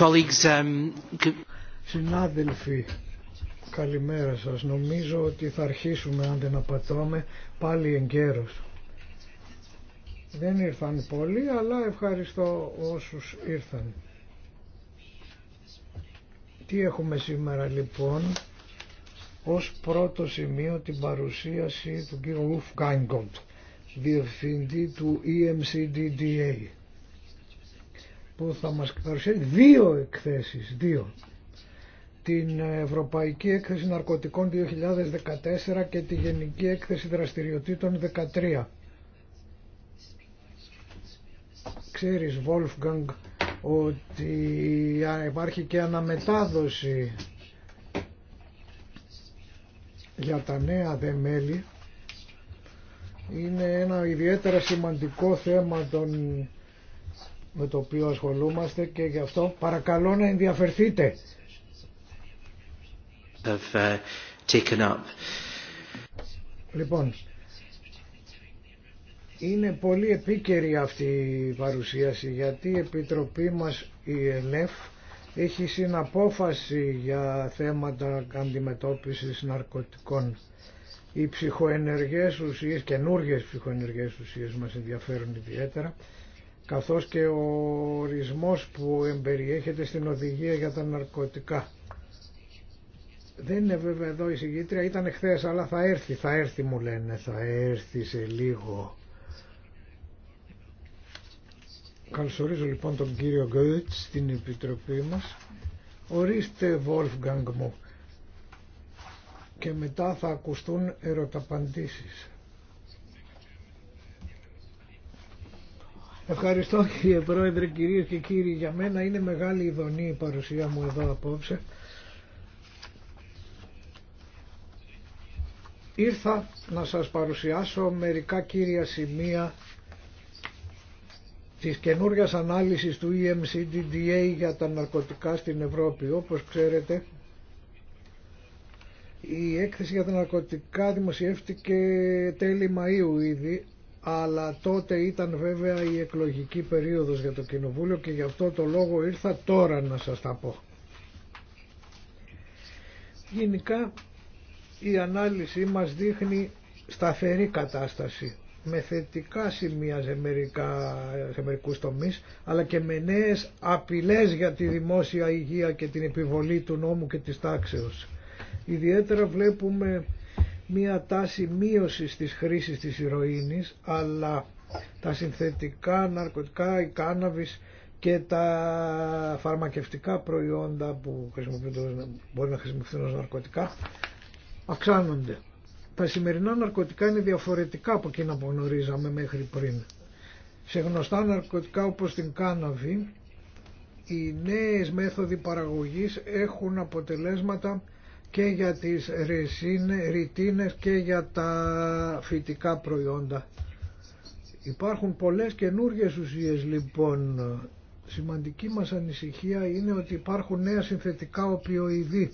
Um, Συνάδελφοι, καλημέρα σας. Νομίζω ότι θα αρχίσουμε αν δεν απατώμε πάλι εγκαίρως. Δεν ήρθαν πολλοί, αλλά ευχαριστώ όσους ήρθαν. Τι έχουμε σήμερα λοιπόν ως πρώτο σημείο την παρουσίαση του κ. Ουφ Γκάινγκοντ, διευθυντή του EMCDDA που θα μας παρουσιάσει δύο εκθέσεις, δύο. Την Ευρωπαϊκή Έκθεση Ναρκωτικών 2014 και τη Γενική Έκθεση Δραστηριοτήτων 13. Ξέρεις, Wolfgang, ότι υπάρχει και αναμετάδοση για τα νέα δε μέλη. Είναι ένα ιδιαίτερα σημαντικό θέμα των με το οποίο ασχολούμαστε και γι' αυτό παρακαλώ να ενδιαφερθείτε. Uh, λοιπόν, είναι πολύ επίκαιρη αυτή η παρουσίαση γιατί η Επιτροπή μας η ΕΛΕΦ έχει συναπόφαση για θέματα αντιμετώπισης ναρκωτικών. Οι ψυχοενεργές ουσίες, καινούργιες ψυχοενεργές ουσίες μας ενδιαφέρουν ιδιαίτερα καθώς και ο ορισμός που εμπεριέχεται στην οδηγία για τα ναρκωτικά. Δεν είναι βέβαια εδώ η συγγήτρια, ήταν εχθές, αλλά θα έρθει, θα έρθει μου λένε, θα έρθει σε λίγο. Καλωσορίζω λοιπόν τον κύριο Γκόιτς στην επιτροπή μας. Ορίστε Wolfgang μου και μετά θα ακουστούν ερωταπαντήσεις. Ευχαριστώ κύριε Πρόεδρε, κυρίες και κύριοι. Για μένα είναι μεγάλη ειδονή η παρουσία μου εδώ απόψε. Ήρθα να σας παρουσιάσω μερικά κύρια σημεία της καινούργια ανάλυσης του EMCDDA για τα ναρκωτικά στην Ευρώπη. Όπως ξέρετε, η έκθεση για τα ναρκωτικά δημοσιεύτηκε τέλη Μαΐου ήδη αλλά τότε ήταν βέβαια η εκλογική περίοδος για το Κοινοβούλιο και γι' αυτό το λόγο ήρθα τώρα να σας τα πω. Γενικά η ανάλυση μας δείχνει σταθερή κατάσταση με θετικά σημεία σε, μερικά, σε τομείς αλλά και με νέες απειλές για τη δημόσια υγεία και την επιβολή του νόμου και της τάξεως. Ιδιαίτερα βλέπουμε μία τάση μείωσης της χρήσης της ηρωίνης, αλλά τα συνθετικά ναρκωτικά, η κάναβης και τα φαρμακευτικά προϊόντα που μπορεί να χρησιμοποιηθούν ως ναρκωτικά αυξάνονται. Τα σημερινά ναρκωτικά είναι διαφορετικά από εκείνα που γνωρίζαμε μέχρι πριν. Σε γνωστά ναρκωτικά όπως την κάναβη, οι νέες μέθοδοι παραγωγής έχουν αποτελέσματα και για τις ρητίνες και για τα φυτικά προϊόντα. Υπάρχουν πολλές καινούργιες ουσίες λοιπόν. Σημαντική μας ανησυχία είναι ότι υπάρχουν νέα συνθετικά οπιοειδή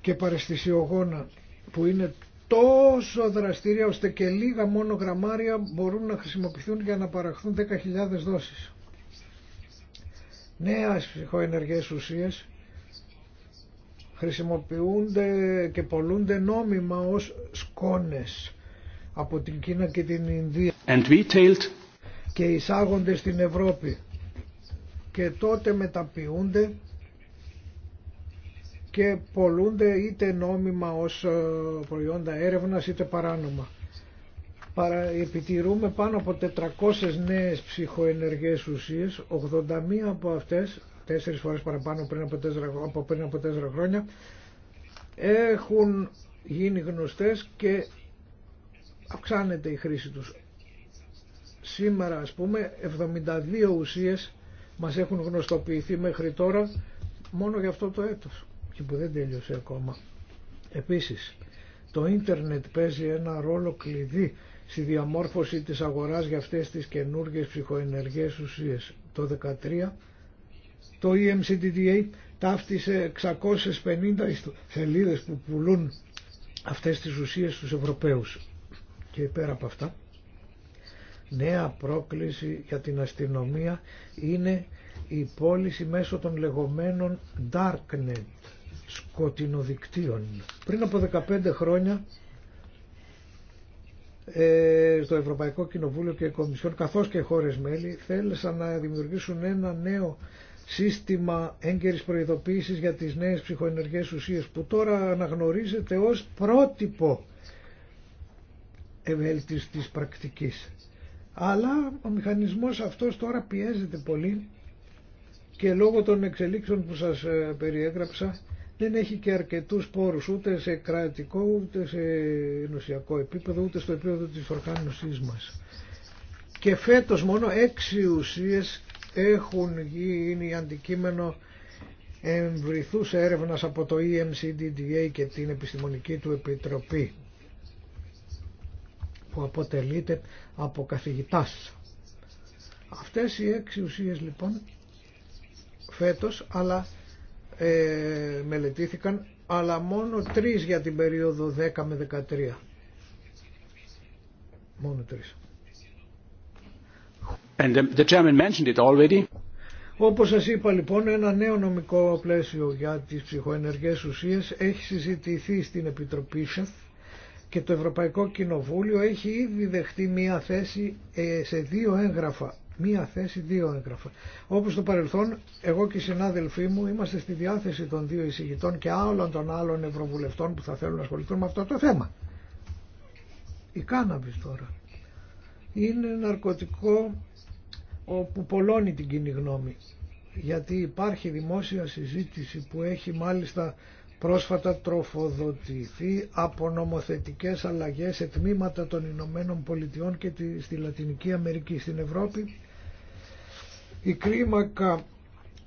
και παρεστησιογόνα που είναι τόσο δραστήρια ώστε και λίγα μόνο γραμμάρια μπορούν να χρησιμοποιηθούν για να παραχθούν 10.000 δόσεις. Νέα ψυχοενεργές ουσίες χρησιμοποιούνται και πολλούνται νόμιμα ως σκόνες από την Κίνα και την Ινδία And και εισάγονται στην Ευρώπη και τότε μεταποιούνται και πολλούνται είτε νόμιμα ως ε, προϊόντα έρευνας είτε παράνομα. Παρα, επιτηρούμε πάνω από 400 νέες ψυχοενεργές ουσίες, 81 από αυτές τέσσερις φορές παραπάνω πριν από τέσσερα, από πριν από τέσσερα χρόνια έχουν γίνει γνωστές και αυξάνεται η χρήση τους. Σήμερα ας πούμε 72 ουσίες μας έχουν γνωστοποιηθεί μέχρι τώρα μόνο για αυτό το έτος και που δεν τέλειωσε ακόμα. Επίσης το ίντερνετ παίζει ένα ρόλο κλειδί στη διαμόρφωση της αγοράς για αυτές τις καινούργιες ψυχοενεργές ουσίες. Το το EMCDDA ταύτισε 650 σελίδες που πουλούν αυτές τις ουσίες στους Ευρωπαίους. Και πέρα από αυτά, νέα πρόκληση για την αστυνομία είναι η πώληση μέσω των λεγόμενων darknet, σκοτεινοδικτύων. Πριν από 15 χρόνια ε, στο Ευρωπαϊκό Κοινοβούλιο και η Κομισιόν καθώς και χώρες μέλη θέλησαν να δημιουργήσουν ένα νέο σύστημα έγκαιρης προειδοποίησης για τις νέες ψυχοενεργές ουσίες που τώρα αναγνωρίζεται ως πρότυπο ευέλτης της πρακτικής. Αλλά ο μηχανισμός αυτός τώρα πιέζεται πολύ και λόγω των εξελίξεων που σας ε, περιέγραψα δεν έχει και αρκετούς πόρους ούτε σε κρατικό ούτε σε νοσιακό επίπεδο ούτε στο επίπεδο της οργάνωσής μας. Και φέτος μόνο έξι ουσίες έχουν γίνει αντικείμενο εμβριθούς έρευνας από το EMCDDA και την Επιστημονική του Επιτροπή που αποτελείται από καθηγητάς. Αυτές οι έξι ουσίες λοιπόν φέτος αλλά ε, μελετήθηκαν αλλά μόνο τρεις για την περίοδο 10 με 13. Μόνο τρεις. And the chairman mentioned it already. Όπως σας είπα λοιπόν ένα νέο νομικό πλαίσιο για τις ψυχοενεργές ουσίες έχει συζητηθεί στην Επιτροπή ΣΕΦ και το Ευρωπαϊκό Κοινοβούλιο έχει ήδη δεχτεί μία θέση ε, σε δύο έγγραφα. Μία θέση, δύο έγγραφα. Όπως στο παρελθόν, εγώ και οι συνάδελφοί μου είμαστε στη διάθεση των δύο εισηγητών και άλλων των άλλων ευρωβουλευτών που θα θέλουν να ασχοληθούν με αυτό το θέμα. Η κάναβης τώρα. Είναι ναρκωτικό όπου πολλώνει την κοινή γνώμη. Γιατί υπάρχει δημόσια συζήτηση που έχει μάλιστα πρόσφατα τροφοδοτηθεί από νομοθετικές αλλαγές σε τμήματα των Ηνωμένων Πολιτειών και στη Λατινική Αμερική. Στην Ευρώπη η κλίμακα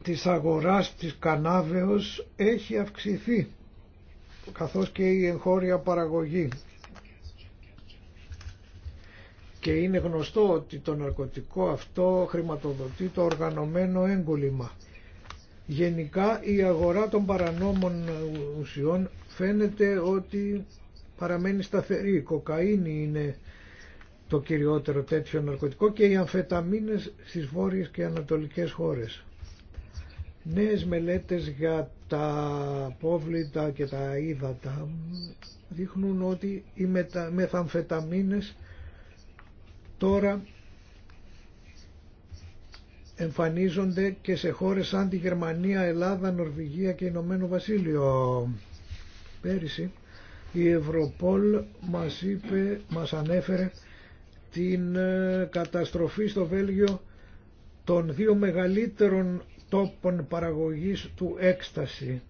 της αγοράς της κανάβεως έχει αυξηθεί καθώς και η εγχώρια παραγωγή και είναι γνωστό ότι το ναρκωτικό αυτό χρηματοδοτεί το οργανωμένο έγκολημα. Γενικά η αγορά των παρανόμων ουσιών φαίνεται ότι παραμένει σταθερή. Η κοκαΐνη είναι το κυριότερο τέτοιο ναρκωτικό και οι αμφεταμίνες στις βόρειες και ανατολικές χώρες. Νέες μελέτες για τα πόβλητα και τα ύδατα δείχνουν ότι οι τώρα εμφανίζονται και σε χώρες σαν τη Γερμανία, Ελλάδα, Νορβηγία και Ηνωμένο Βασίλειο. Πέρυσι η Ευρωπόλ μας, είπε, μας ανέφερε την ε, καταστροφή στο Βέλγιο των δύο μεγαλύτερων τόπων παραγωγής του έκσταση.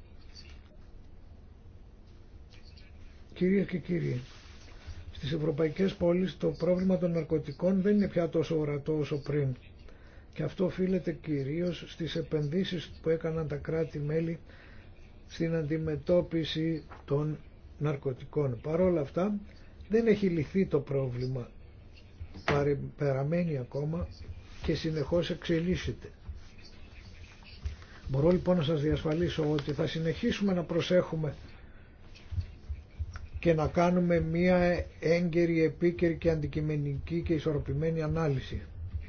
Κυρίες και κύριοι, στις ευρωπαϊκές πόλεις το πρόβλημα των ναρκωτικών δεν είναι πια τόσο ορατό όσο πριν. Και αυτό οφείλεται κυρίως στις επενδύσεις που έκαναν τα κράτη-μέλη στην αντιμετώπιση των ναρκωτικών. Παρόλα αυτά δεν έχει λυθεί το πρόβλημα, παραμένει ακόμα και συνεχώς εξελίσσεται. Μπορώ λοιπόν να σας διασφαλίσω ότι θα συνεχίσουμε να προσέχουμε και να κάνουμε μία έγκαιρη, επίκαιρη και αντικειμενική και ισορροπημένη ανάλυση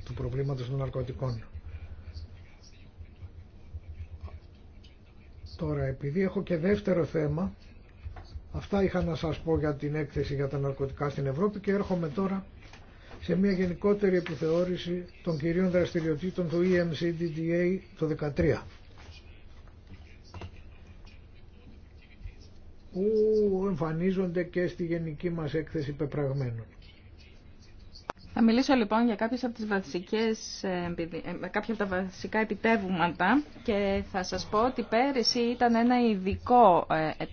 του προβλήματος των ναρκωτικών. Τώρα, επειδή έχω και δεύτερο θέμα, αυτά είχα να σας πω για την έκθεση για τα ναρκωτικά στην Ευρώπη και έρχομαι τώρα σε μια γενικότερη επιθεώρηση των κυρίων δραστηριοτήτων του EMCDDA το 2013. που εμφανίζονται και στη γενική μας έκθεση πεπραγμένων. Θα μιλήσω λοιπόν για κάποιες από τις βασικές, ε, ε, κάποια από τα βασικά επιτεύγματα και θα σας πω ότι πέρυσι ήταν ένα ειδικό ε,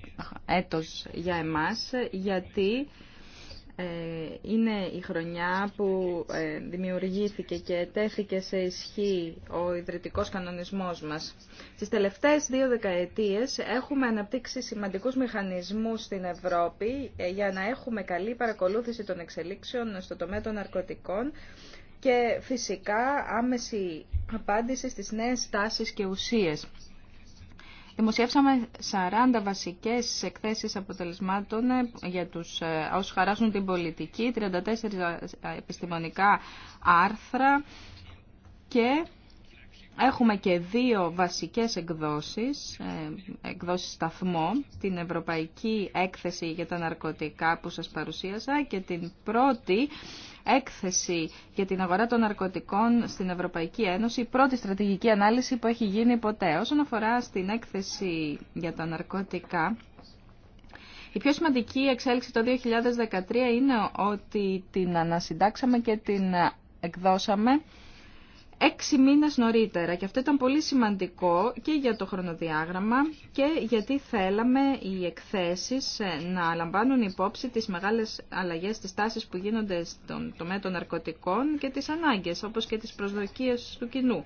έτος για εμάς γιατί ε, είναι η χρονιά που ε, δημιουργήθηκε και τέθηκε σε ισχύ ο ιδρυτικός κανονισμός μας. Στις τελευταίες δύο δεκαετίες έχουμε αναπτύξει σημαντικούς μηχανισμούς στην Ευρώπη ε, για να έχουμε καλή παρακολούθηση των εξελίξεων στο τομέα των ναρκωτικών και φυσικά άμεση απάντηση στις νέες τάσεις και ουσίες. Δημοσιεύσαμε 40 βασικές εκθέσεις αποτελεσμάτων ε, για τους ε, όσους χαράσουν την πολιτική, 34 επιστημονικά άρθρα και Έχουμε και δύο βασικές εκδόσεις, ε, εκδόσεις σταθμό, την Ευρωπαϊκή Έκθεση για τα Ναρκωτικά που σας παρουσίασα και την πρώτη έκθεση για την αγορά των ναρκωτικών στην Ευρωπαϊκή Ένωση, η πρώτη στρατηγική ανάλυση που έχει γίνει ποτέ. Όσον αφορά στην έκθεση για τα ναρκωτικά, η πιο σημαντική εξέλιξη το 2013 είναι ότι την ανασυντάξαμε και την εκδώσαμε έξι μήνες νωρίτερα και αυτό ήταν πολύ σημαντικό και για το χρονοδιάγραμμα και γιατί θέλαμε οι εκθέσεις ε, να λαμβάνουν υπόψη τις μεγάλες αλλαγές, της τάσεις που γίνονται στον τομέα των ναρκωτικών και τις ανάγκες όπως και τις προσδοκίες του κοινού.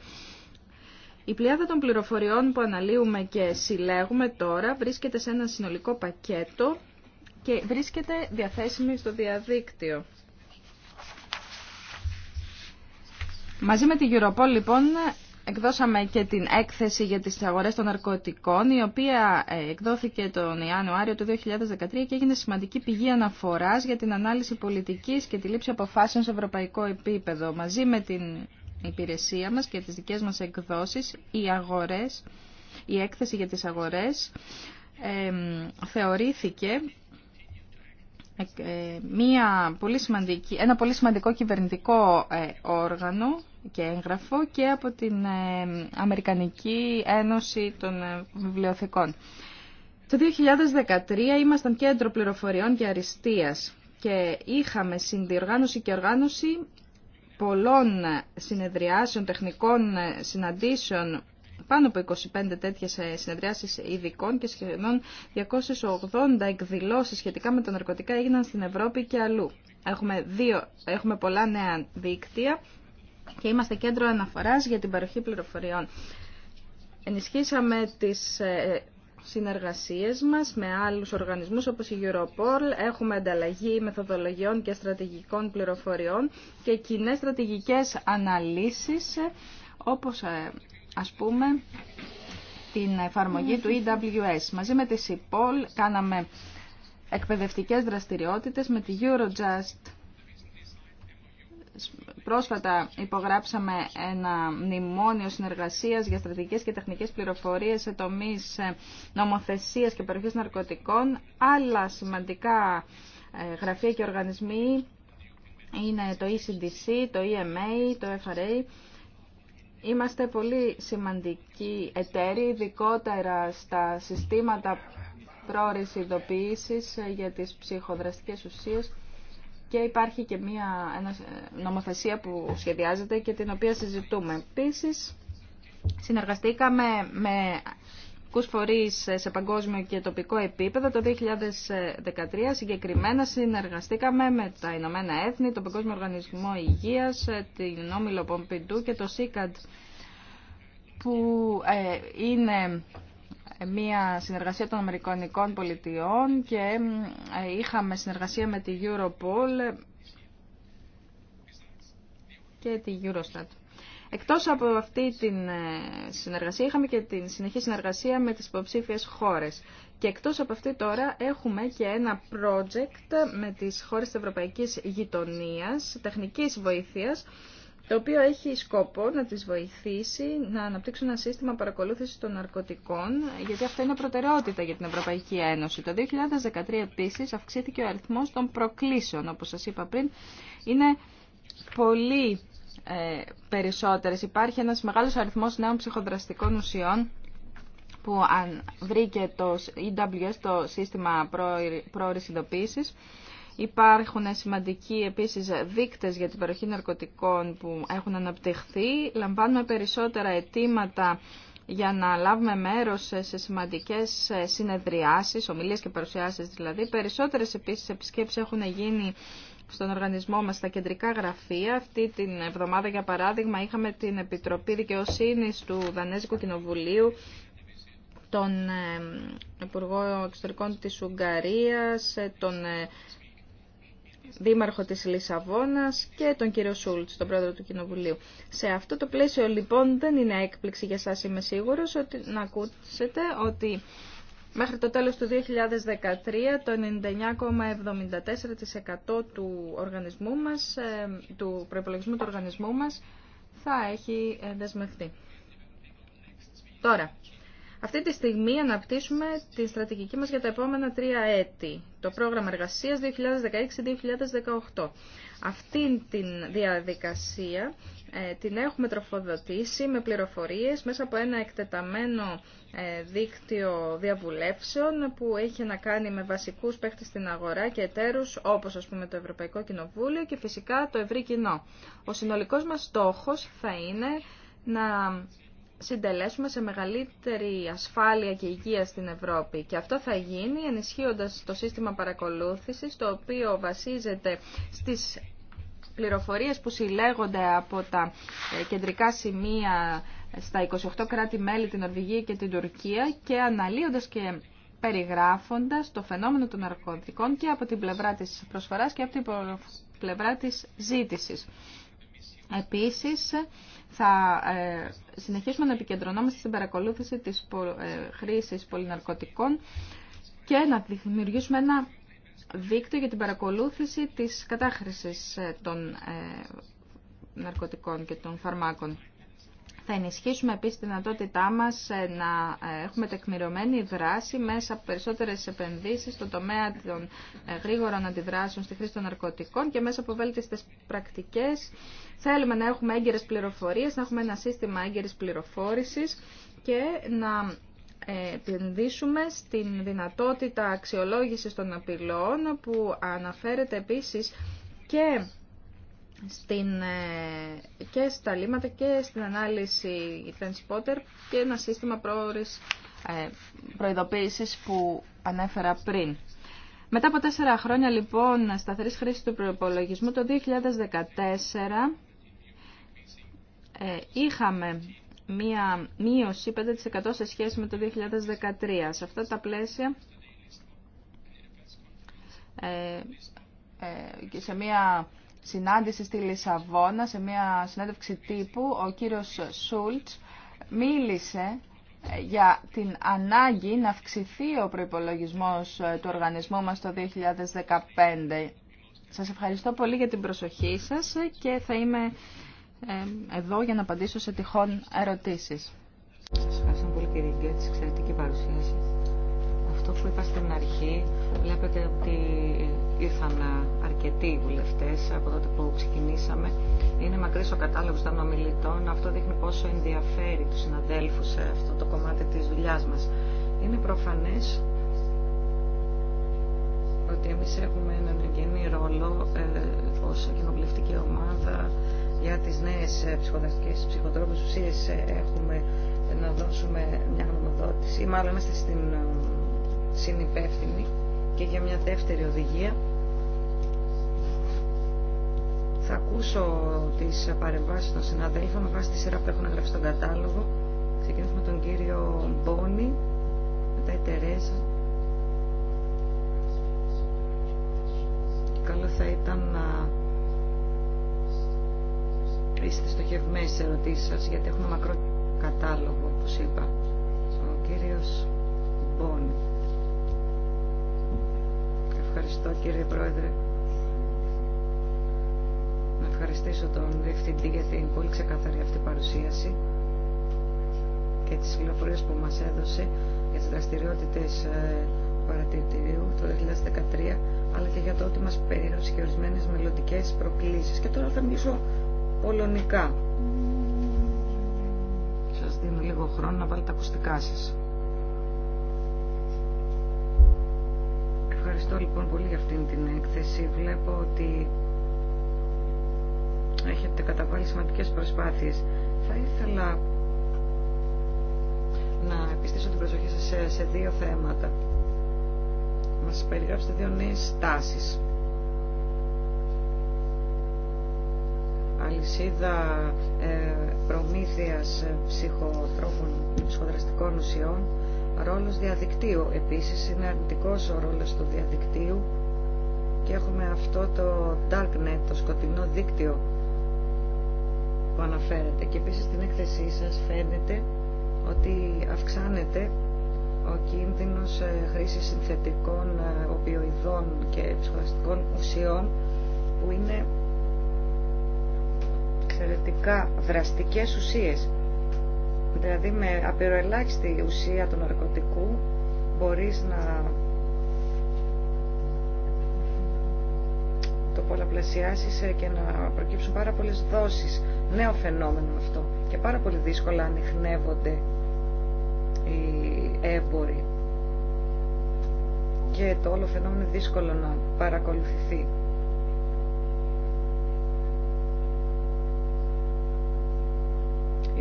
Η πλειάδα των πληροφοριών που αναλύουμε και συλλέγουμε τώρα βρίσκεται σε ένα συνολικό πακέτο και βρίσκεται διαθέσιμη στο διαδίκτυο. Μαζί με την Europol λοιπόν εκδώσαμε και την έκθεση για τις αγορές των ναρκωτικών η οποία ε, εκδόθηκε τον Ιανουάριο του 2013 και έγινε σημαντική πηγή αναφοράς για την ανάλυση πολιτικής και τη λήψη αποφάσεων σε ευρωπαϊκό επίπεδο. Μαζί με την υπηρεσία μας και τις δικές μας εκδόσεις οι αγορές, η έκθεση για τις αγορές ε, θεωρήθηκε ε, μια πολύ ένα πολύ σημαντικό κυβερνητικό ε, όργανο και έγγραφο και από την ε, Αμερικανική Ένωση των Βιβλιοθηκών. Το 2013 ήμασταν κέντρο πληροφοριών και αριστείας και είχαμε συνδιοργάνωση και οργάνωση πολλών συνεδριάσεων, τεχνικών συναντήσεων πάνω από 25 τέτοιε ε, συνεδριάσεις ειδικών και σχεδόν 280 εκδηλώσεις σχετικά με τα ναρκωτικά έγιναν στην Ευρώπη και αλλού. Έχουμε, δύο, έχουμε πολλά νέα δίκτυα και είμαστε κέντρο αναφοράς για την παροχή πληροφοριών. Ενισχύσαμε τις ε, συνεργασίες μας με άλλους οργανισμούς όπως η Europol. Έχουμε ανταλλαγή μεθοδολογιών και στρατηγικών πληροφοριών και κοινέ στρατηγικές αναλύσεις ε, όπως ας πούμε, την εφαρμογή του EWS. Μαζί με τη CIPOL κάναμε εκπαιδευτικές δραστηριότητες με τη Eurojust. Πρόσφατα υπογράψαμε ένα μνημόνιο συνεργασίας για στρατηγικές και τεχνικές πληροφορίες σε τομείς ε, νομοθεσίας και περιοχής ναρκωτικών. Άλλα σημαντικά ε, γραφεία και οργανισμοί είναι το ECDC, το EMA, το FRA Είμαστε πολύ σημαντικοί εταίροι, ειδικότερα στα συστήματα πρόορης ειδοποίησης ε, για τις ψυχοδραστικές ουσίες και υπάρχει και μια ε, νομοθεσία που σχεδιάζεται και την οποία συζητούμε. Επίσης, συνεργαστήκαμε με ιδιωτικού σε παγκόσμιο και τοπικό επίπεδο. Το 2013 συγκεκριμένα συνεργαστήκαμε με τα Ηνωμένα Έθνη, τον Παγκόσμιο Οργανισμό Υγεία, την Όμιλο Πομπιντού και το ΣΥΚΑΤ που ε, είναι μια συνεργασία των Αμερικανικών πολιτιών και ε, είχαμε συνεργασία με τη Europol και τη Eurostat. Εκτός από αυτή τη ε, συνεργασία, είχαμε και την συνεχή συνεργασία με τις υποψήφιες χώρες. Και εκτός από αυτή τώρα έχουμε και ένα project με τις χώρες της Ευρωπαϊκής Γειτονίας, τεχνικής βοήθειας, το οποίο έχει σκοπό να τις βοηθήσει να αναπτύξουν ένα σύστημα παρακολούθησης των ναρκωτικών, γιατί αυτό είναι προτεραιότητα για την Ευρωπαϊκή Ένωση. Το 2013 επίσης αυξήθηκε ο αριθμός των προκλήσεων, όπως σας είπα πριν, είναι πολύ ε, περισσότερες. Υπάρχει ένας μεγάλος αριθμός νέων ψυχοδραστικών ουσιών που αν βρήκε το EWS, το σύστημα πρόορης ειδοποίησης, Υπάρχουν σημαντικοί επίσης δείκτες για την παροχή ναρκωτικών που έχουν αναπτυχθεί. Λαμβάνουμε περισσότερα αιτήματα για να λάβουμε μέρος σε σημαντικές ε, συνεδριάσεις, ομιλίες και παρουσιάσεις δηλαδή. Περισσότερες επίσης επισκέψεις έχουν γίνει στον οργανισμό μας στα κεντρικά γραφεία. Αυτή την εβδομάδα, για παράδειγμα, είχαμε την Επιτροπή Δικαιοσύνης του Δανέζικου Κοινοβουλίου, τον ε, Υπουργό Εξωτερικών της Ουγγαρίας, ε, τον ε, Δήμαρχο της Λισαβόνας και τον κύριο Σούλτ, τον πρόεδρο του Κοινοβουλίου. Σε αυτό το πλαίσιο λοιπόν δεν είναι έκπληξη για σας είμαι σίγουρος ότι να ακούσετε ότι Μέχρι το τέλος του 2013 το 99,74% του οργανισμού μας, ε, του προϋπολογισμού του οργανισμού μας θα έχει ε, δεσμευτεί. Τώρα, αυτή τη στιγμή αναπτύσσουμε τη στρατηγική μας για τα επόμενα τρία έτη, το πρόγραμμα εργασίας 2016-2018. Αυτή τη διαδικασία ε, την έχουμε τροφοδοτήσει με πληροφορίες μέσα από ένα εκτεταμένο ε, δίκτυο διαβουλεύσεων που έχει να κάνει με βασικούς παίχτες στην αγορά και εταίρους όπως ας πούμε το Ευρωπαϊκό Κοινοβούλιο και φυσικά το ευρύ κοινό. Ο συνολικός μας στόχος θα είναι να συντελέσουμε σε μεγαλύτερη ασφάλεια και υγεία στην Ευρώπη. Και αυτό θα γίνει ενισχύοντας το σύστημα παρακολούθησης, το οποίο βασίζεται στις πληροφορίες που συλλέγονται από τα ε, κεντρικά σημεία στα 28 κράτη-μέλη, την Νορβηγία και την Τουρκία και αναλύοντας και περιγράφοντας το φαινόμενο των ναρκωτικών και από την πλευρά της προσφοράς και από την πλευρά της ζήτησης. Επίσης, θα ε, συνεχίσουμε να επικεντρωνόμαστε στην παρακολούθηση της ε, χρήσης πολυναρκωτικών και να δημιουργήσουμε ένα δίκτυο για την παρακολούθηση της κατάχρησης ε, των ε, ναρκωτικών και των φαρμάκων. Θα ενισχύσουμε επίσης τη δυνατότητά μας ε, να έχουμε τεκμηρωμένη δράση μέσα από περισσότερες επενδύσεις στον τομέα των γρήγορων αντιδράσεων στη χρήση των ναρκωτικών και μέσα από βέλτιστες πρακτικές. Θέλουμε να έχουμε έγκαιρες πληροφορίες, να έχουμε ένα σύστημα έγκαιρης πληροφόρησης και να επενδύσουμε στην δυνατότητα αξιολόγησης των απειλών που αναφέρεται επίσης και, στην, ε, και στα λίματα και στην ανάλυση Transporter και ένα σύστημα πρόορης ε, προειδοποίησης που ανέφερα πριν. Μετά από τέσσερα χρόνια λοιπόν σταθερής χρήσης του προπολογισμού το 2014 ε, είχαμε μία μείωση 5% σε σχέση με το 2013. Σε αυτά τα πλαίσια ε, ε, και σε μία συνάντηση στη Λισαβόνα, σε μία συνέντευξη τύπου, ο κύριος Σούλτς μίλησε ε, για την ανάγκη να αυξηθεί ο προϋπολογισμός του οργανισμού μας το 2015. Σας ευχαριστώ πολύ για την προσοχή σας και θα είμαι εδώ για να απαντήσω σε τυχόν ερωτήσεις. Σας ευχαριστώ πολύ κύριε Γκέ, τη εξαιρετική παρουσίαση. Αυτό που είπα στην αρχή, βλέπετε ότι ήρθαν αρκετοί βουλευτές από τότε που ξεκινήσαμε. Είναι μακρύς ο κατάλογος των ομιλητών. Αυτό δείχνει πόσο ενδιαφέρει τους συναδέλφους σε αυτό το κομμάτι της δουλειάς μας. Είναι προφανές ότι εμείς έχουμε έναν εγγενή ρόλο ε, ως κοινοβουλευτική ομάδα για τις νέες ε, ψυχοδραστικές ψυχοτρόπες ουσίες ε, έχουμε να δώσουμε μια γνωμοδότηση ή μάλλον είμαστε στην ε, συνυπεύθυνη και για μια δεύτερη οδηγία θα ακούσω τις παρεμβάσεις των συναδέλφων με βάση τη σειρά που έχουν γράψει στον κατάλογο ξεκινήσουμε τον κύριο Μπόνι μετά η Τερέζα καλό θα ήταν να Είστε στοχευμένοι σε ερωτήσεις σας, γιατί έχουμε μακρό κατάλογο, που είπα. Ο κύριος Μπόνι. Ευχαριστώ κύριε Πρόεδρε. Να ευχαριστήσω τον Διευθυντή για την πολύ ξεκαθαρή αυτή παρουσίαση και τις πληροφορίες που μας έδωσε για τις δραστηριότητες ε, παρατηρητηρίου το 2013 αλλά και για το ότι μας περίγραψε και ορισμένες μελλοντικές προκλήσεις. Και τώρα θα μιλήσω πολωνικά. Σας δίνω λίγο χρόνο να βάλετε τα ακουστικά σας. Ευχαριστώ λοιπόν πολύ για αυτήν την έκθεση. Βλέπω ότι έχετε καταβάλει σημαντικές προσπάθειες. Θα ήθελα να επιστήσω την προσοχή σας σε, δύο θέματα. Μας περιγράψετε δύο νέες στάσεις αλυσίδα ε, προμήθειας ε, ψυχοτρόπων ψυχοδραστικών ουσιών, ρόλος διαδικτύου. Επίσης είναι αρνητικός ο ρόλος του διαδικτύου και έχουμε αυτό το darknet, το σκοτεινό δίκτυο που αναφέρεται. Και επίσης στην έκθεσή σας φαίνεται ότι αυξάνεται ο κίνδυνος ε, χρήσης συνθετικών οπιοειδών και ψυχοδραστικών ουσιών που είναι εξαιρετικά δραστικές ουσίες. Δηλαδή με απειροελάχιστη ουσία του ναρκωτικού μπορείς να το πολλαπλασιάσεις ε, και να προκύψουν πάρα πολλές δόσεις. Νέο φαινόμενο αυτό και πάρα πολύ δύσκολα ανοιχνεύονται οι έμποροι και το όλο φαινόμενο είναι δύσκολο να παρακολουθηθεί.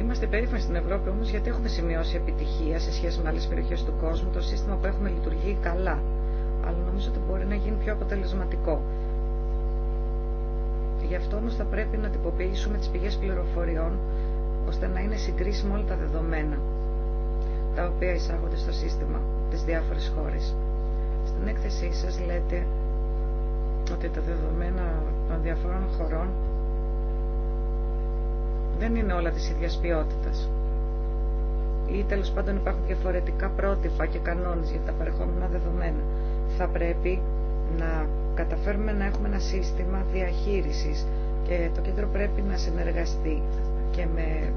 Είμαστε περήφανοι στην Ευρώπη όμως γιατί έχουμε σημειώσει επιτυχία σε σχέση με άλλες περιοχές του κόσμου. Το σύστημα που έχουμε λειτουργεί καλά, αλλά νομίζω ότι μπορεί να γίνει πιο αποτελεσματικό. Γι' αυτό όμως θα πρέπει να τυποποιήσουμε τις πηγές πληροφοριών ώστε να είναι συγκρίσιμα όλα τα δεδομένα τα οποία εισάγονται στο σύστημα τις διάφορες χώρες. Στην έκθεσή σας λέτε ότι τα δεδομένα των διαφορών χωρών δεν είναι όλα της ίδιας ποιότητας. Ή τέλος πάντων υπάρχουν διαφορετικά πρότυπα και κανόνες για τα παρεχόμενα δεδομένα. Θα πρέπει να καταφέρουμε να έχουμε ένα σύστημα διαχείρισης και το κέντρο πρέπει να συνεργαστεί και με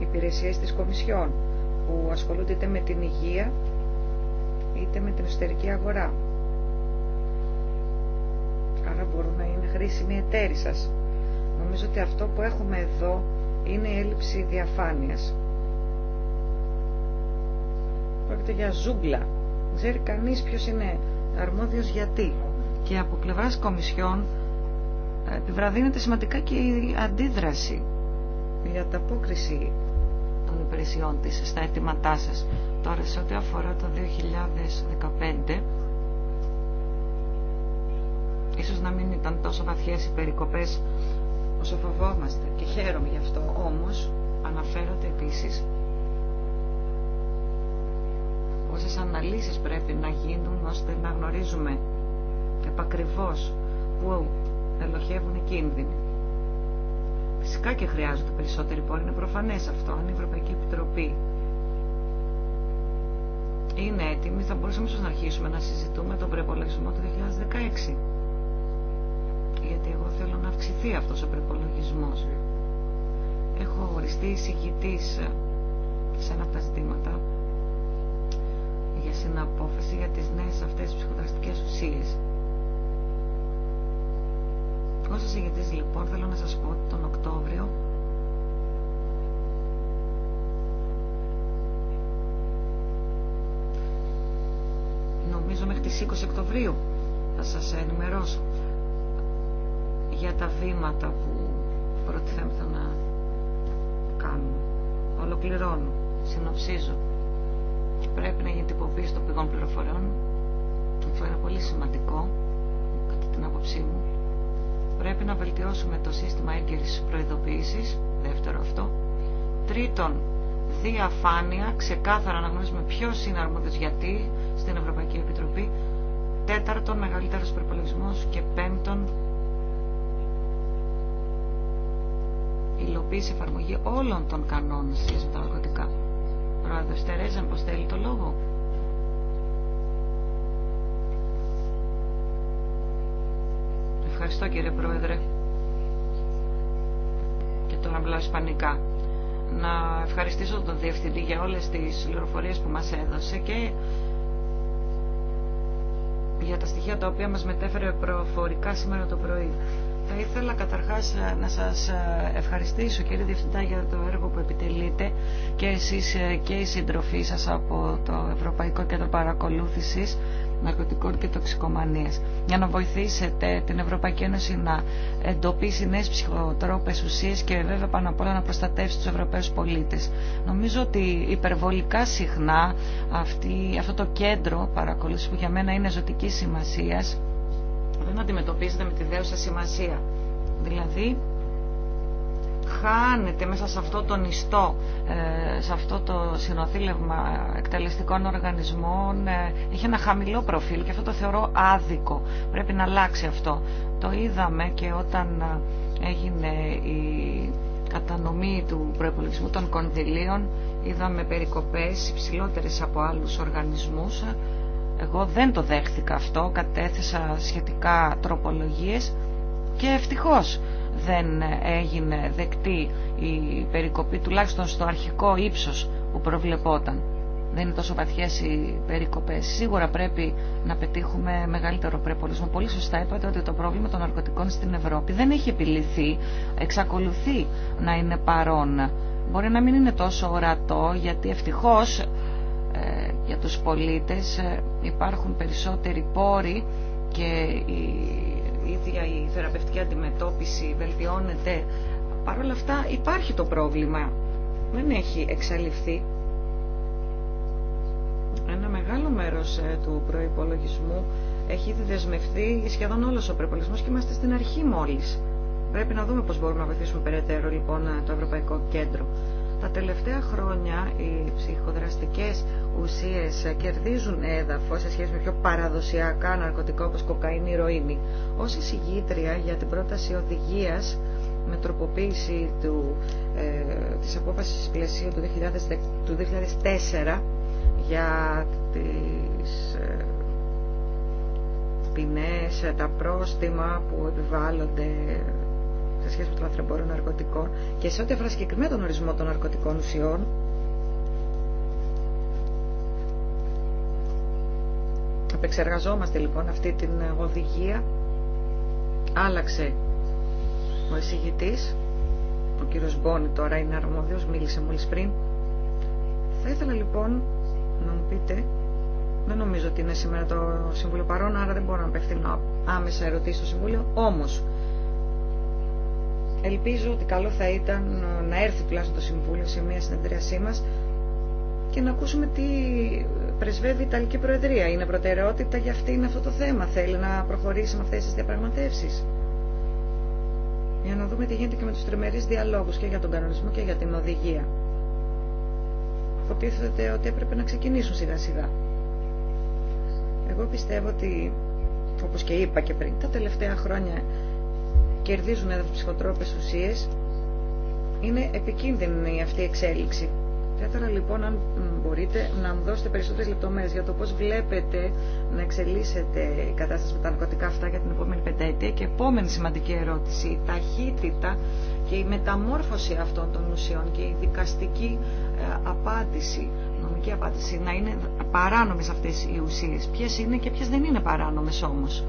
υπηρεσίες της Κομισιόν που ασχολούνται είτε με την υγεία είτε με την εσωτερική αγορά. Άρα μπορούν να είναι χρήσιμοι εταίροι σας. Νομίζω ότι αυτό που έχουμε εδώ είναι η έλλειψη διαφάνειας. Πρόκειται για ζούγκλα. Δεν Ξέρει κανείς ποιος είναι αρμόδιος γιατί. Και από πλευράς κομισιών ε, επιβραδύνεται σημαντικά και η αντίδραση για ανταπόκριση απόκριση των υπηρεσιών της στα αιτήματά σα. Τώρα σε ό,τι αφορά το 2015 ίσως να μην ήταν τόσο βαθιές οι περικοπές Σοφοβόμαστε φοβόμαστε και χαίρομαι γι' αυτό. Όμως αναφέρατε επίσης πόσες αναλύσεις πρέπει να γίνουν ώστε να γνωρίζουμε επακριβώς που ελοχεύουν οι κίνδυνοι. Φυσικά και χρειάζονται περισσότεροι πόροι, είναι προφανές αυτό. Αν η Ευρωπαϊκή Επιτροπή είναι έτοιμη, θα μπορούσαμε να αρχίσουμε να συζητούμε τον προπολογισμό του 2016 αυξηθεί αυτός ο προπολογισμό. Έχω οριστεί εισηγητής σε ένα από τα ζητήματα για συναπόφαση για τις νέες αυτές ψυχοδραστικές ουσίες. Ως εισηγητής λοιπόν θέλω να σας πω ότι τον Οκτώβριο νομίζω μέχρι τις 20 Οκτωβρίου θα σας ενημερώσω για τα βήματα που προτιθέμεθα να κάνουμε. Ολοκληρώνω, συνοψίζω. Πρέπει να γίνει τυποποίηση των πηγών πληροφοριών. Αυτό είναι πολύ σημαντικό, κατά την άποψή μου. Πρέπει να βελτιώσουμε το σύστημα έγκαιρης προειδοποίησης, δεύτερο αυτό. Τρίτον, διαφάνεια, ξεκάθαρα να γνωρίζουμε ποιο είναι αρμόδιο γιατί στην Ευρωπαϊκή Επιτροπή. Τέταρτον, μεγαλύτερο προπολογισμό. Και πέμπτον, υλοποίηση εφαρμογή όλων των κανόνων σχέση με τα ναρκωτικά. Πρόεδρος Τερέζα, πώς θέλει το λόγο. Ευχαριστώ κύριε Πρόεδρε. Και τώρα μιλάω ισπανικά. Να ευχαριστήσω τον Διευθυντή για όλες τις πληροφορίες που μας έδωσε και για τα στοιχεία τα οποία μας μετέφερε προφορικά σήμερα το πρωί. Θα ήθελα καταρχάς ε, να σας ε, ευχαριστήσω κύριε Διευθυντά για το έργο που επιτελείτε και εσείς ε, και οι συντροφοί σας από το Ευρωπαϊκό Κέντρο Παρακολούθησης Ναρκωτικών και Τοξικομανίας για να βοηθήσετε την Ευρωπαϊκή Ένωση να εντοπίσει νέες ψυχοτρόπες ουσίες και βέβαια πάνω απ' όλα να προστατεύσει τους Ευρωπαίους πολίτες. Νομίζω ότι υπερβολικά συχνά αυτό το κέντρο παρακολούθησης που για μένα είναι ζωτική σημασίας δεν αντιμετωπίζεται με τη δέουσα σημασία. Δηλαδή, χάνεται μέσα σε αυτό το νηστό, ε, σε αυτό το συνοθήλευμα εκτελεστικών οργανισμών, ε, έχει ένα χαμηλό προφίλ και αυτό το θεωρώ άδικο. Πρέπει να αλλάξει αυτό. Το είδαμε και όταν ε, έγινε η κατανομή του προπολογισμού των κονδυλίων, είδαμε περικοπές υψηλότερες από άλλους οργανισμούς εγώ δεν το δέχθηκα αυτό, κατέθεσα σχετικά τροπολογίες και ευτυχώς δεν έγινε δεκτή η περικοπή τουλάχιστον στο αρχικό ύψος που προβλεπόταν. Δεν είναι τόσο βαθιές οι περικοπές. Σίγουρα πρέπει να πετύχουμε μεγαλύτερο προεπολισμό Πολύ σωστά είπατε ότι το πρόβλημα των ναρκωτικών στην Ευρώπη δεν έχει επιληθεί. Εξακολουθεί να είναι παρόν. Μπορεί να μην είναι τόσο ορατό γιατί ευτυχώς ε, για τους πολίτες. Ε, υπάρχουν περισσότεροι πόροι και η ίδια η θεραπευτική αντιμετώπιση βελτιώνεται. Παρ' όλα αυτά υπάρχει το πρόβλημα. Δεν έχει εξαλειφθεί. Ένα μεγάλο μέρος ε, του προϋπολογισμού έχει ήδη δεσμευτεί σχεδόν όλος ο προϋπολογισμός και είμαστε στην αρχή μόλις. Πρέπει να δούμε πώς μπορούμε να βοηθήσουμε περαιτέρω λοιπόν το Ευρωπαϊκό Κέντρο τα τελευταία χρόνια οι ψυχοδραστικές ουσίες κερδίζουν έδαφος σε σχέση με πιο παραδοσιακά ναρκωτικά όπως κοκαίνη, ροήνη, Ως εισηγήτρια για την πρόταση οδηγίας με τροποποίηση του, ε, της απόφασης πλαισίου του, 2000, του 2004 για τις ε, ποινές, τα πρόστιμα που επιβάλλονται σε σχέση με το λαθρεμπόριο ναρκωτικών και σε ό,τι αφορά συγκεκριμένα τον ορισμό των ναρκωτικών ουσιών, Επεξεργαζόμαστε λοιπόν αυτή την ε, οδηγία. Άλλαξε ο εισηγητής, ο κύριο Μπόνι τώρα είναι αρμόδιο, μίλησε μόλι πριν. Θα ήθελα λοιπόν να μου πείτε, δεν νομίζω ότι είναι σήμερα το Συμβούλιο παρόν, άρα δεν μπορώ να απευθύνω άμεσα ερωτήσεις στο Συμβούλιο, όμως Ελπίζω ότι καλό θα ήταν ε, να έρθει τουλάχιστον το Συμβούλιο σε μια συνεδρίασή μας και να ακούσουμε τι πρεσβεύει η Ιταλική Προεδρία. Είναι προτεραιότητα για αυτήν αυτό το θέμα. Θέλει να προχωρήσει με αυτές τις διαπραγματεύσεις. Για να δούμε τι γίνεται και με τους τριμερείς διαλόγους και για τον κανονισμό και για την οδηγία. Υποτίθεται ότι έπρεπε να ξεκινήσουν σιγά σιγά. Εγώ πιστεύω ότι, όπως και είπα και πριν, τα τελευταία χρόνια κερδίζουν από ψυχοτρόπε ψυχοτρόπες ουσίες είναι επικίνδυνη αυτή η εξέλιξη. Θα ήθελα λοιπόν αν μπορείτε να μου δώσετε περισσότερες λεπτομέρειες για το πώς βλέπετε να εξελίσσεται η κατάσταση με τα ναρκωτικά αυτά για την επόμενη πενταετία και επόμενη σημαντική ερώτηση, η ταχύτητα και η μεταμόρφωση αυτών των ουσιών και η δικαστική ε, απάντηση, νομική απάντηση να είναι παράνομες αυτές οι ουσίες. Ποιε είναι και ποιε δεν είναι παράνομες όμως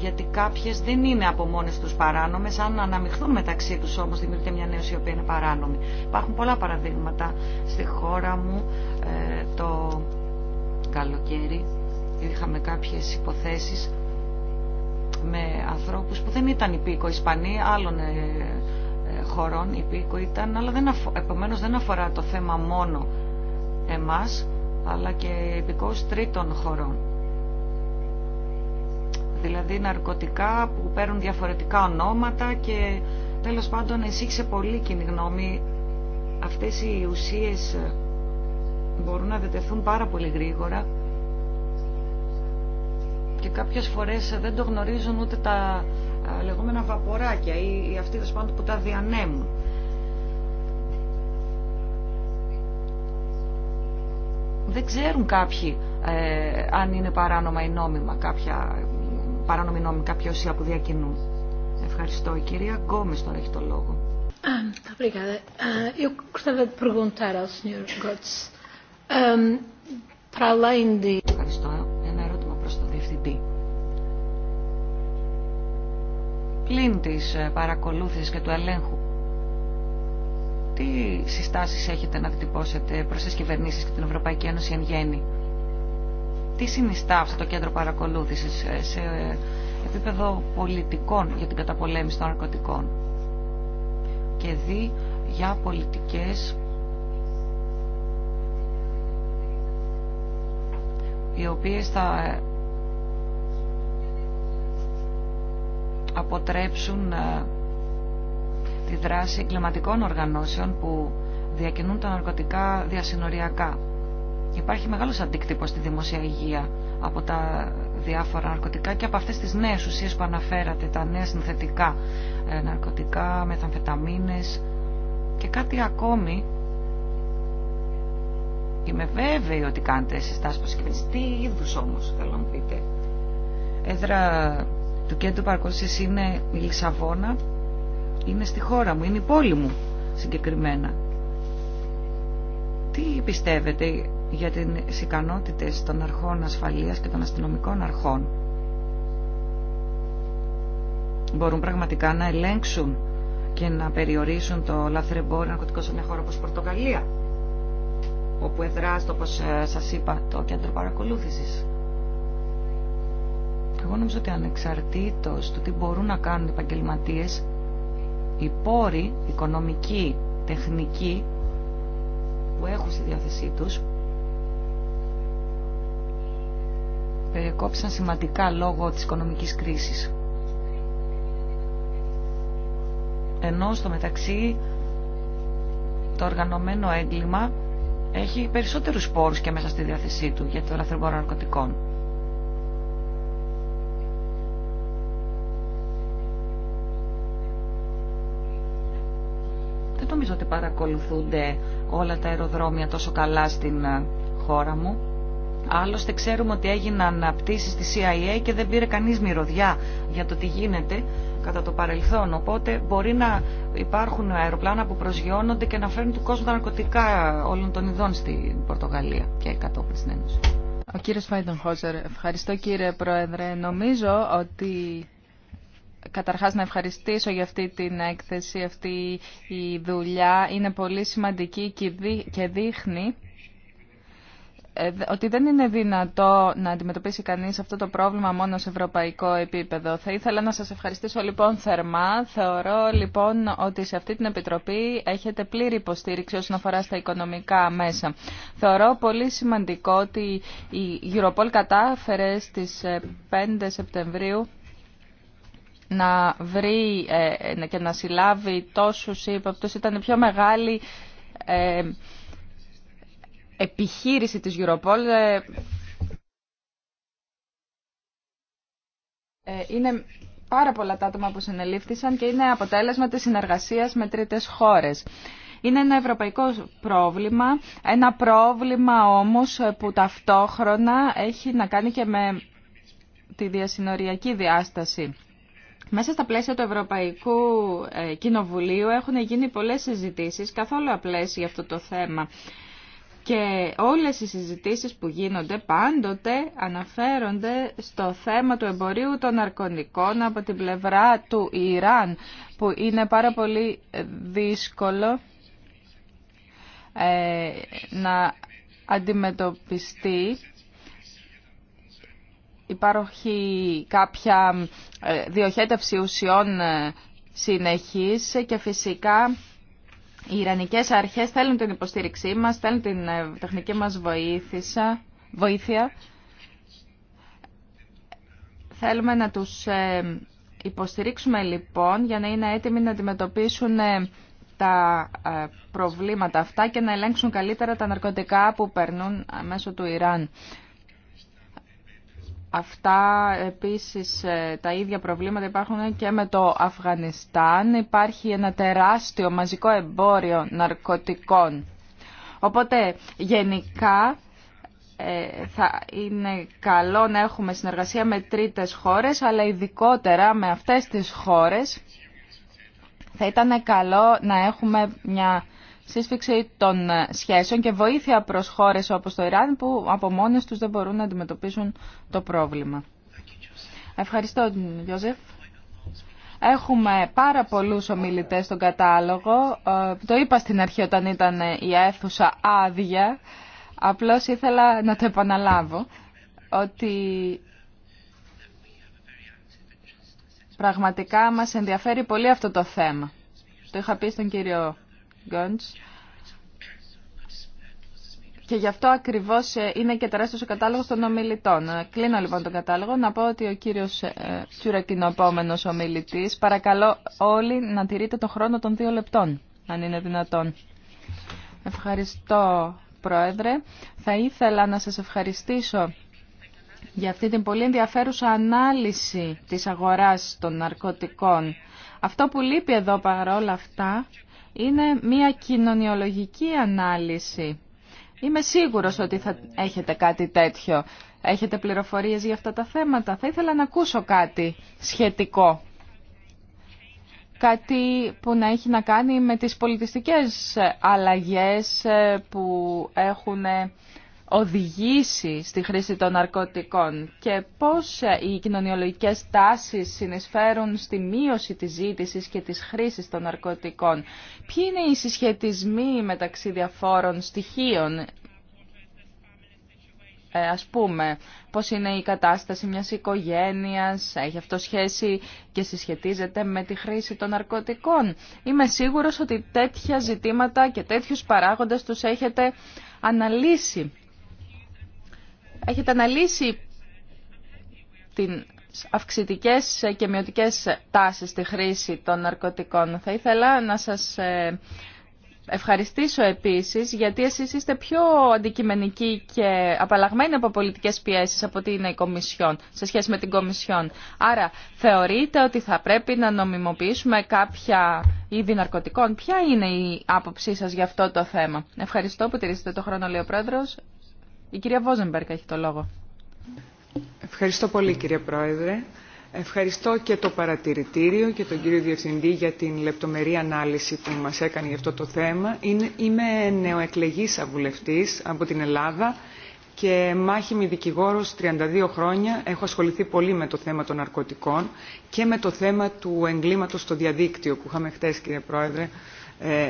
γιατί κάποιες δεν είναι από μόνες τους παράνομες, αν αναμειχθούν μεταξύ τους όμως δημιουργείται μια νέωση η οποία είναι παράνομη. Υπάρχουν πολλά παραδείγματα στη χώρα μου ε, το καλοκαίρι είχαμε κάποιες υποθέσεις με ανθρώπους που δεν ήταν υπήκοοι Ισπανοί, άλλων ε, ε, χωρών υπήκοοι ήταν, αλλά δεν επομένως δεν αφορά το θέμα μόνο εμάς, αλλά και υπηκόους τρίτων χωρών δηλαδή ναρκωτικά που παίρνουν διαφορετικά ονόματα και τέλος πάντων εισήχσε πολύ κοινή γνώμη. Αυτές οι ουσίες ε, μπορούν να δετεθούν πάρα πολύ γρήγορα και κάποιες φορές ε, δεν το γνωρίζουν ούτε τα ε, λεγόμενα βαποράκια ή αυτοί πάντων που τα διανέμουν. Δεν ξέρουν κάποιοι αν είναι παράνομα ή νόμιμα κάποια νόμοι νόμικα ποιοσία που διακινούν. Ευχαριστώ. Η κυρία Γκόμες τώρα έχει το λόγο. Ευχαριστώ. Ένα ερώτημα προς τον Διευθυντή. Πλην της ε, παρακολούθησης και του ελέγχου, τι συστάσεις έχετε να διτυπώσετε προς τις κυβερνήσεις και την Ευρωπαϊκή Ένωση εν γέννη τι συνιστά αυτό το κέντρο παρακολούθησης ε, σε επίπεδο πολιτικών για την καταπολέμηση των ναρκωτικών και δι για πολιτικές οι οποίες θα ε, αποτρέψουν ε, τη δράση εγκληματικών οργανώσεων που διακινούν τα ναρκωτικά διασυνοριακά υπάρχει μεγάλος αντίκτυπος στη δημοσία υγεία από τα διάφορα ναρκωτικά και από αυτές τις νέες ουσίες που αναφέρατε, τα νέα συνθετικά ε, ναρκωτικά, μεθαμφεταμίνες και κάτι ακόμη. Είμαι βέβαιη ότι κάνετε συστάσεις και Τι είδους όμως θέλω να πείτε. Έδρα του κέντρου παρακολουθήσης είναι η Λισαβόνα, είναι στη χώρα μου, είναι η πόλη μου συγκεκριμένα. Τι πιστεύετε, για τις ικανότητες των αρχών ασφαλείας και των αστυνομικών αρχών. Μπορούν πραγματικά να ελέγξουν και να περιορίσουν το λαθρεμπόριο ναρκωτικό σε μια χώρα όπως Πορτογαλία, όπου εδράζεται, όπως ε, σας είπα, το κέντρο παρακολούθησης. Εγώ νομίζω ότι ανεξαρτήτως του τι μπορούν να κάνουν οι επαγγελματίες, οι πόροι, οικονομικοί, τεχνικοί, που έχουν στη διάθεσή τους, κόψαν σημαντικά λόγω της οικονομικής κρίσης. Ενώ στο μεταξύ το οργανωμένο έγκλημα έχει περισσότερους πόρους και μέσα στη διάθεσή του για το λαθρεμπόρο ναρκωτικών. Δεν νομίζω ότι παρακολουθούνται όλα τα αεροδρόμια τόσο καλά στην ε, χώρα μου. Άλλωστε ξέρουμε ότι έγιναν πτήσεις στη CIA και δεν πήρε κανείς μυρωδιά για το τι γίνεται κατά το παρελθόν. Οπότε μπορεί να υπάρχουν αεροπλάνα που προσγειώνονται και να φέρνουν του κόσμου τα ναρκωτικά όλων των ειδών στην Πορτογαλία και κατόπιν στην Ένωση. Ο κύριος Φάιντον Χόζερ, ευχαριστώ κύριε Πρόεδρε. Νομίζω ότι καταρχάς να ευχαριστήσω για αυτή την έκθεση, αυτή η δουλειά είναι πολύ σημαντική και δείχνει ε, ότι δεν είναι δυνατό να αντιμετωπίσει κανείς αυτό το πρόβλημα μόνο σε ευρωπαϊκό επίπεδο. Θα ήθελα να σας ευχαριστήσω λοιπόν θερμά. Θεωρώ λοιπόν ότι σε αυτή την Επιτροπή έχετε πλήρη υποστήριξη όσον αφορά στα οικονομικά μέσα. Θεωρώ πολύ σημαντικό ότι η Europol κατάφερε στις 5 ε, Σεπτεμβρίου να βρει ε, και να συλλάβει τόσους ύποπτους. Ήταν πιο μεγάλη επιχείρηση της Europol ε, ε, είναι πάρα πολλά τα άτομα που συνελήφθησαν και είναι αποτέλεσμα της συνεργασίας με τρίτες χώρες. Είναι ένα ευρωπαϊκό πρόβλημα, ένα πρόβλημα όμως που ταυτόχρονα έχει να κάνει και με τη διασυνοριακή διάσταση. Μέσα στα πλαίσια του Ευρωπαϊκού ε, Κοινοβουλίου έχουν γίνει πολλές συζητήσεις, καθόλου απλές για αυτό το θέμα. Και όλες οι συζητήσεις που γίνονται πάντοτε αναφέρονται στο θέμα του εμπορίου των αρκονικών από την πλευρά του Ιράν, που είναι πάρα πολύ δύσκολο ε, να αντιμετωπιστεί. Υπάρχει κάποια ε, διοχέτευση ουσιών ε, συνεχής και φυσικά οι ιρανικέ αρχές θέλουν την υποστήριξή μας, θέλουν την ε, τεχνική μας βοήθεια. Θέλουμε να τους ε, υποστηρίξουμε λοιπόν για να είναι έτοιμοι να αντιμετωπίσουν ε, τα προβλήματα αυτά και να ελέγξουν καλύτερα τα ναρκωτικά που περνούν μέσω του Ιράν. Αυτά επίσης ε, τα ίδια προβλήματα υπάρχουν και με το Αφγανιστάν. Υπάρχει ένα τεράστιο μαζικό εμπόριο ναρκωτικών. Οπότε γενικά ε, θα είναι καλό να έχουμε συνεργασία με τρίτες χώρες, αλλά ειδικότερα με αυτές τις χώρες θα ήταν καλό να έχουμε μια σύσφυξη των ε, σχέσεων και βοήθεια προς χώρες όπως το Ιράν που από μόνες τους δεν μπορούν να αντιμετωπίσουν το πρόβλημα. Ευχαριστώ, Γιώζεφ. Έχουμε πάρα πολλούς ομιλητές στον κατάλογο. Ε, το είπα στην αρχή όταν ήταν η αίθουσα άδεια. Απλώς ήθελα να το επαναλάβω ότι πραγματικά μας ενδιαφέρει πολύ αυτό το θέμα. Το είχα πει στον κύριο και γι' αυτό ακριβώς ε, είναι και τεράστιος ο κατάλογος των ομιλητών. Ε, κλείνω λοιπόν τον κατάλογο. Να πω ότι ο κύριος ε, Τσούρακ είναι ο επόμενος ομιλητής. Παρακαλώ όλοι να τηρείτε τον χρόνο των δύο λεπτών, αν είναι δυνατόν. Ευχαριστώ, Πρόεδρε. Θα ήθελα να σας ευχαριστήσω για αυτή την πολύ ενδιαφέρουσα ανάλυση της αγοράς των ναρκωτικών. Αυτό που λείπει εδώ παρόλα αυτά είναι μια κοινωνιολογική ανάλυση. Είμαι σίγουρος ότι θα έχετε κάτι τέτοιο. Έχετε πληροφορίες για αυτά τα θέματα. Θα ήθελα να ακούσω κάτι σχετικό. Κάτι που να έχει να κάνει με τις πολιτιστικές αλλαγές ε, που έχουν οδηγήσει στη χρήση των ναρκωτικών και πώς ε, οι κοινωνιολογικές τάσεις συνεισφέρουν στη μείωση της ζήτησης και της χρήσης των ναρκωτικών. Ποιοι είναι οι συσχετισμοί μεταξύ διαφόρων στοιχείων, ε, ας πούμε, πώς είναι η κατάσταση μιας οικογένειας, έχει αυτό σχέση και συσχετίζεται με τη χρήση των ναρκωτικών. Είμαι σίγουρος ότι τέτοια ζητήματα και τέτοιους παράγοντες τους έχετε αναλύσει. Έχετε αναλύσει την αυξητικές και μειωτικές τάσεις στη χρήση των ναρκωτικών. Θα ήθελα να σας ε, ευχαριστήσω επίσης, γιατί εσείς είστε πιο αντικειμενικοί και απαλλαγμένοι από πολιτικές πιέσεις από ό,τι είναι η σε σχέση με την Κομισιόν. Άρα, θεωρείτε ότι θα πρέπει να νομιμοποιήσουμε κάποια είδη ναρκωτικών. Ποια είναι η άποψή σας για αυτό το θέμα. Ευχαριστώ που τηρήσετε το χρόνο, λέει ο η κυρία Βόζενμπερκ έχει το λόγο. Ευχαριστώ πολύ κύριε Πρόεδρε. Ευχαριστώ και το παρατηρητήριο και τον κύριο Διευθυντή για την λεπτομερή ανάλυση που μας έκανε για αυτό το θέμα. Είμαι νεοεκλεγής αβουλευτής από την Ελλάδα και μάχημη δικηγόρος 32 χρόνια. Έχω ασχοληθεί πολύ με το θέμα των ναρκωτικών και με το θέμα του εγκλήματος στο διαδίκτυο που είχαμε χτες κύριε Πρόεδρε ε,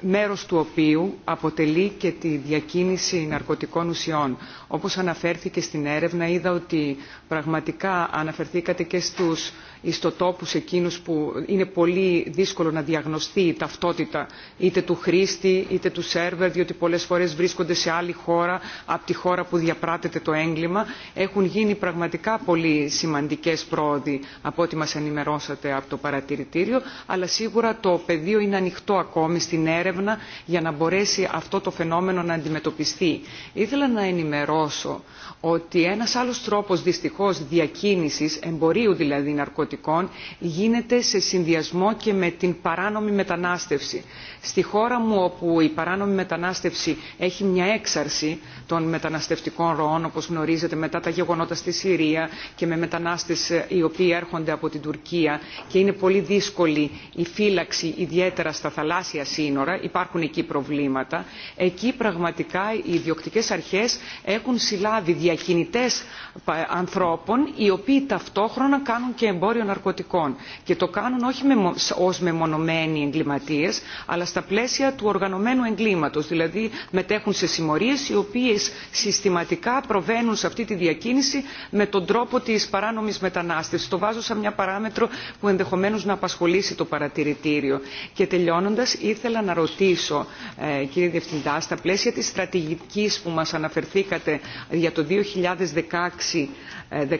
μέρος του οποίου αποτελεί και τη διακίνηση ναρκωτικών ουσιών. Όπως αναφέρθηκε στην έρευνα είδα ότι πραγματικά αναφερθήκατε και στους ιστοτόπους εκείνους που είναι πολύ δύσκολο να διαγνωστεί η ταυτότητα είτε του χρήστη είτε του σερβερ διότι πολλές φορές βρίσκονται σε άλλη χώρα από τη χώρα που διαπράτεται το έγκλημα. Έχουν γίνει πραγματικά πολύ σημαντικές πρόοδοι από ό,τι μας ενημερώσατε από το παρατηρητήριο αλλά σίγουρα το πεδίο είναι ανοιχτό ακόμη στην έρευνα για να μπορέσει αυτό το φαινόμενο να αντιμετωπιστεί. Ήθελα να ενημερώσω ότι ένας άλλος τρόπος δυστυχώς διακίνησης, εμπορίου δηλαδή ναρκωτικών γίνεται σε συνδυασμό και με την παράνομη μετανάστευση. Στη χώρα μου όπου η παράνομη μετανάστευση έχει μια έξαρση των μεταναστευτικών ροών, όπω γνωρίζετε, μετά τα γεγονότα στη Συρία και με μετανάστες ε, οι οποίοι έρχονται από την Τουρκία και είναι πολύ δύσκολη η φύλαξη ιδιαίτερα στα θαλάσσια σύνορα, υπάρχουν εκεί προβλήματα. Εκεί πραγματικά οι ιδιοκτικές αρχέ έχουν συλλάβει διακινητέ ανθρώπων οι οποίοι ταυτόχρονα κάνουν και εμπόριο ναρκωτικών και το κάνουν όχι ω μεμονωμένοι εγκληματίε, αλλά στα πλαίσια του οργανωμένου εγκλήματο. δηλαδή μετέχουν σε συμμορίες οι οποίε συστηματικά προβαίνουν σε αυτή τη διακίνηση με τον τρόπο της παράνομης μετανάστευσης. Το βάζω σαν μια παράμετρο που ενδεχομένως να απασχολήσει το παρατηρητήριο. Και τελειώνοντας ήθελα να ρωτήσω ε, κύριε Διευθυντά στα πλαίσια της στρατηγικής που μας αναφερθήκατε για το 2016 18, ε,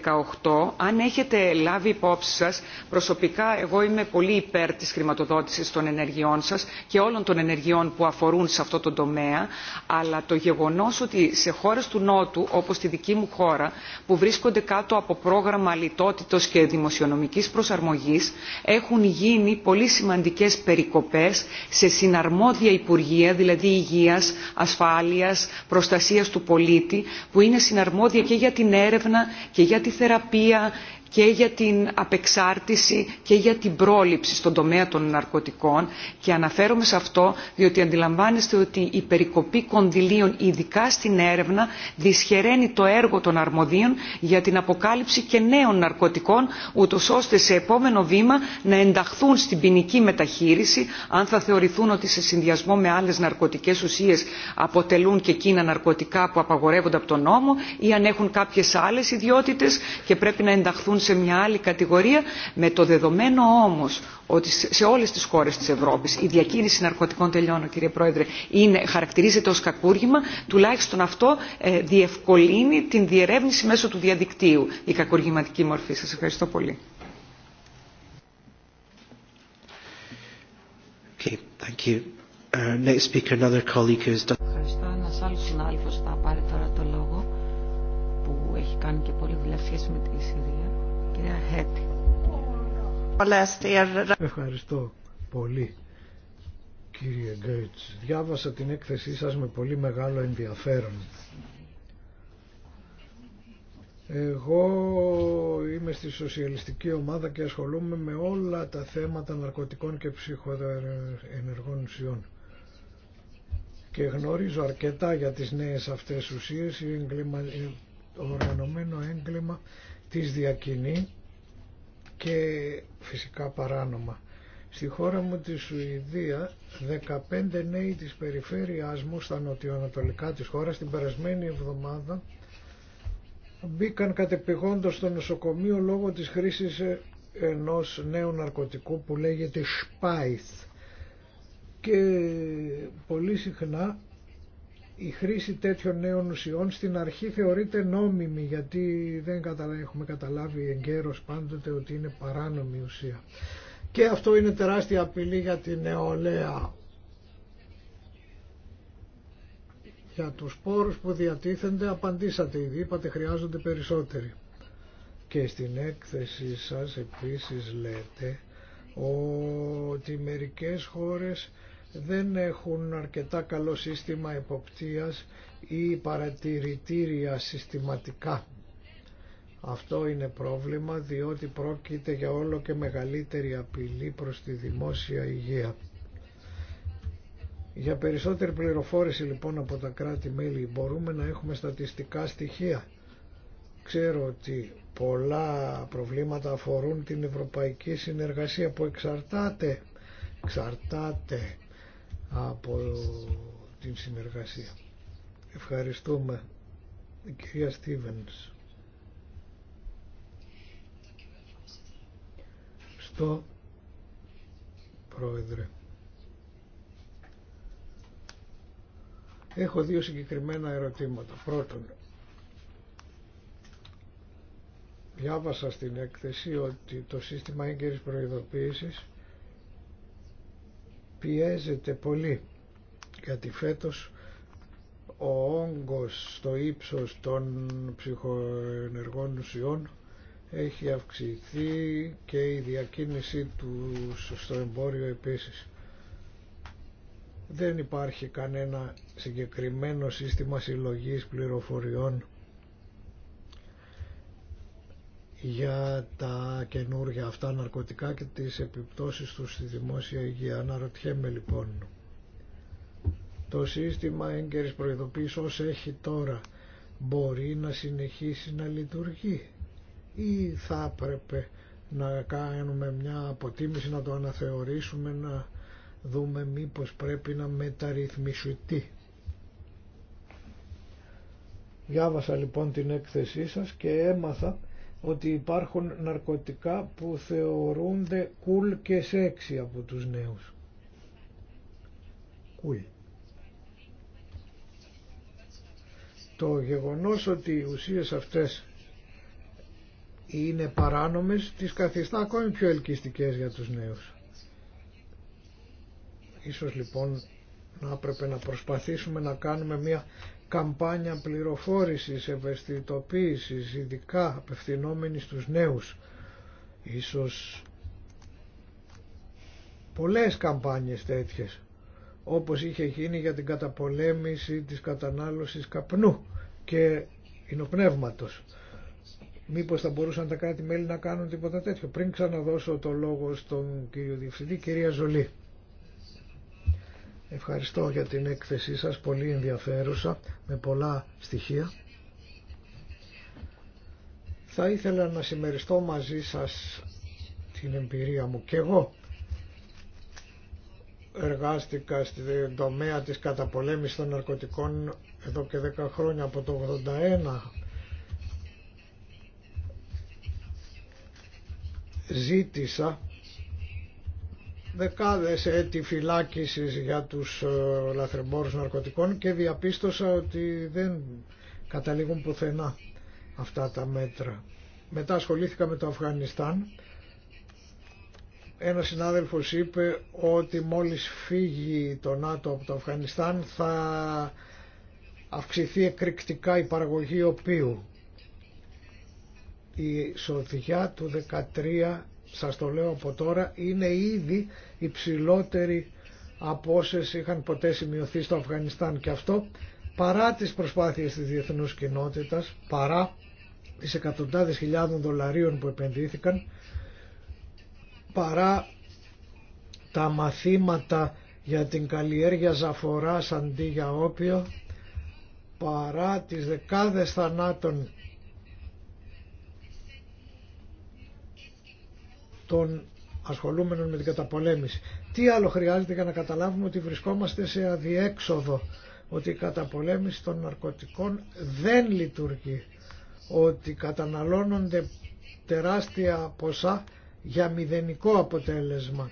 αν έχετε λάβει υπόψη σας προσωπικά εγώ είμαι πολύ υπέρ της χρηματοδότησης των ενεργειών σας και όλων των ενεργειών που αφορούν σε αυτό το τομέα αλλά το γεγονός ότι σε χώρες του Νότου, όπως τη δική μου χώρα, που βρίσκονται κάτω από πρόγραμμα λιτότητος και δημοσιονομικής προσαρμογής, έχουν γίνει πολύ σημαντικές περικοπές σε συναρμόδια υπουργεία, δηλαδή υγείας, ασφάλειας, προστασίας του πολίτη, που είναι συναρμόδια και για την έρευνα και για τη θεραπεία και για την απεξάρτηση και για την πρόληψη στον τομέα των ναρκωτικών και αναφέρομαι σε αυτό διότι αντιλαμβάνεστε ότι η περικοπή κονδυλίων ειδικά στην έρευνα δυσχεραίνει το έργο των αρμοδίων για την αποκάλυψη και νέων ναρκωτικών ούτως ώστε σε επόμενο βήμα να ενταχθούν στην ποινική μεταχείριση αν θα θεωρηθούν ότι σε συνδυασμό με άλλες ναρκωτικές ουσίες αποτελούν και εκείνα ναρκωτικά που απαγορεύονται από τον νόμο ή αν έχουν κάποιες άλλες ιδιότητες και πρέπει να ενταχθούν σε μια άλλη κατηγορία με το δεδομένο όμως ότι σε όλες τις χώρες της Ευρώπης η διακίνηση ναρκωτικών τελειώνω κύριε Πρόεδρε είναι, χαρακτηρίζεται ως κακούργημα τουλάχιστον αυτό ε, διευκολύνει την διερεύνηση μέσω του διαδικτύου η κακουργηματική μορφή. Σας ευχαριστώ πολύ. Okay, thank you. Uh, next speaker, another colleague Ευχαριστώ. Ένας άλλος συνάδελφος θα πάρει τώρα το λόγο που έχει κάνει και πολλή δουλειά σχέση με τη Συρία. Ευχαριστώ πολύ κύριε Γκέιτς. Διάβασα την έκθεσή σας με πολύ μεγάλο ενδιαφέρον. Εγώ είμαι στη σοσιαλιστική ομάδα και ασχολούμαι με όλα τα θέματα ναρκωτικών και ψυχοενεργών ουσιών. Και γνωρίζω αρκετά για τις νέες αυτές ουσίες, το οργανωμένο έγκλημα τις διακινεί και φυσικά παράνομα. Στη χώρα μου τη Σουηδία 15 νέοι της περιφέρειάς μου στα νοτιοανατολικά της χώρας την περασμένη εβδομάδα μπήκαν κατεπηγόντως στο νοσοκομείο λόγω της χρήσης ενός νέου ναρκωτικού που λέγεται Σπάιθ και πολύ συχνά η χρήση τέτοιων νέων ουσιών στην αρχή θεωρείται νόμιμη γιατί δεν καταλά έχουμε καταλάβει εγκαίρως πάντοτε ότι είναι παράνομη ουσία. Και αυτό είναι τεράστια απειλή για την νεολαία. Για τους πόρους που διατίθενται απαντήσατε ήδη, είπατε χρειάζονται περισσότεροι. Και στην έκθεση σας επίσης λέτε ότι μερικές χώρες δεν έχουν αρκετά καλό σύστημα εποπτείας ή παρατηρητήρια συστηματικά. Αυτό είναι πρόβλημα διότι πρόκειται για όλο και μεγαλύτερη απειλή προς τη δημόσια υγεία. Για περισσότερη πληροφόρηση λοιπόν από τα κράτη-μέλη μπορούμε να έχουμε στατιστικά στοιχεία. Ξέρω ότι πολλά προβλήματα αφορούν την ευρωπαϊκή συνεργασία που εξαρτάται, εξαρτάται από την συνεργασία. Ευχαριστούμε η κυρία Στίβενς. Στο πρόεδρε. Έχω δύο συγκεκριμένα ερωτήματα. Πρώτον, διάβασα στην έκθεση ότι το σύστημα έγκαιρης προειδοποίησης πιέζεται πολύ γιατί φέτος ο όγκος στο ύψος των ψυχοενεργών ουσιών έχει αυξηθεί και η διακίνησή του στο εμπόριο επίσης. Δεν υπάρχει κανένα συγκεκριμένο σύστημα συλλογής πληροφοριών για τα καινούργια αυτά ναρκωτικά και τις επιπτώσεις τους στη δημόσια υγεία. Αναρωτιέμαι λοιπόν, το σύστημα έγκαιρης προειδοποίησης όσο έχει τώρα μπορεί να συνεχίσει να λειτουργεί ή θα έπρεπε να κάνουμε μια αποτίμηση, να το αναθεωρήσουμε, να δούμε μήπως πρέπει να μεταρρυθμισουτεί. Διάβασα λοιπόν την έκθεσή σας και έμαθα ότι υπάρχουν ναρκωτικά που θεωρούνται κουλ cool και σεξι από τους νέους. Το γεγονός ότι οι ουσίες αυτές είναι παράνομες τις καθιστά ακόμη πιο ελκυστικές για τους νέους. Ίσως λοιπόν να έπρεπε να προσπαθήσουμε να κάνουμε μια καμπάνια πληροφόρησης, ευαισθητοποίησης, ειδικά απευθυνόμενη στους νέους. Ίσως πολλές καμπάνιες τέτοιες, όπως είχε γίνει για την καταπολέμηση της κατανάλωσης καπνού και υνοπνεύματος. Μήπως θα μπορούσαν τα κράτη-μέλη να κάνουν τίποτα τέτοιο. Πριν ξαναδώσω το λόγο στον κύριο Διευθυντή, κυρία Ζολή. Ευχαριστώ για την έκθεσή σας, πολύ ενδιαφέρουσα, με πολλά στοιχεία. Θα ήθελα να συμμεριστώ μαζί σας την εμπειρία μου και εγώ εργάστηκα στην τομέα της καταπολέμησης των ναρκωτικών εδώ και 10 χρόνια από το 81 ζήτησα δεκάδες έτη φυλάκισης για τους ε, λαθρεμπόρους ναρκωτικών και διαπίστωσα ότι δεν καταλήγουν πουθενά αυτά τα μέτρα. Μετά ασχολήθηκα με το Αφγανιστάν. Ένα συνάδελφος είπε ότι μόλις φύγει το ΝΑΤΟ από το Αφγανιστάν θα αυξηθεί εκρηκτικά η παραγωγή οποίου. Η σοδιά του 13 σας το λέω από τώρα, είναι ήδη υψηλότεροι από όσες είχαν ποτέ σημειωθεί στο Αφγανιστάν και αυτό παρά τις προσπάθειες της διεθνούς κοινότητας, παρά τις εκατοντάδες χιλιάδων δολαρίων που επενδύθηκαν, παρά τα μαθήματα για την καλλιέργεια ζαφοράς αντί για όπιο, παρά τις δεκάδες θανάτων των ασχολούμενων με την καταπολέμηση. Τι άλλο χρειάζεται για να καταλάβουμε ότι βρισκόμαστε σε αδιέξοδο, ότι η καταπολέμηση των ναρκωτικών δεν λειτουργεί, ότι καταναλώνονται τεράστια ποσά για μηδενικό αποτέλεσμα.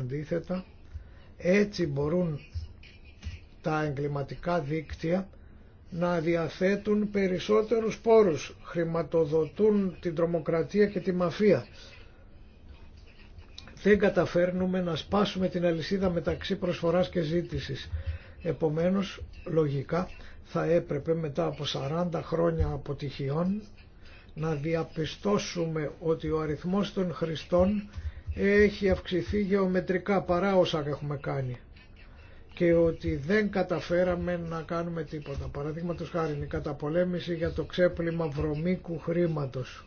Αντίθετα, έτσι μπορούν τα εγκληματικά δίκτυα να διαθέτουν περισσότερους πόρους, χρηματοδοτούν την τρομοκρατία και τη μαφία. Δεν καταφέρνουμε να σπάσουμε την αλυσίδα μεταξύ προσφοράς και ζήτησης. Επομένως, λογικά, θα έπρεπε μετά από 40 χρόνια αποτυχιών να διαπιστώσουμε ότι ο αριθμός των χρηστών έχει αυξηθεί γεωμετρικά παρά όσα έχουμε κάνει και ότι δεν καταφέραμε να κάνουμε τίποτα. Παραδείγματο χάρη είναι η καταπολέμηση για το ξέπλυμα βρωμίκου χρήματος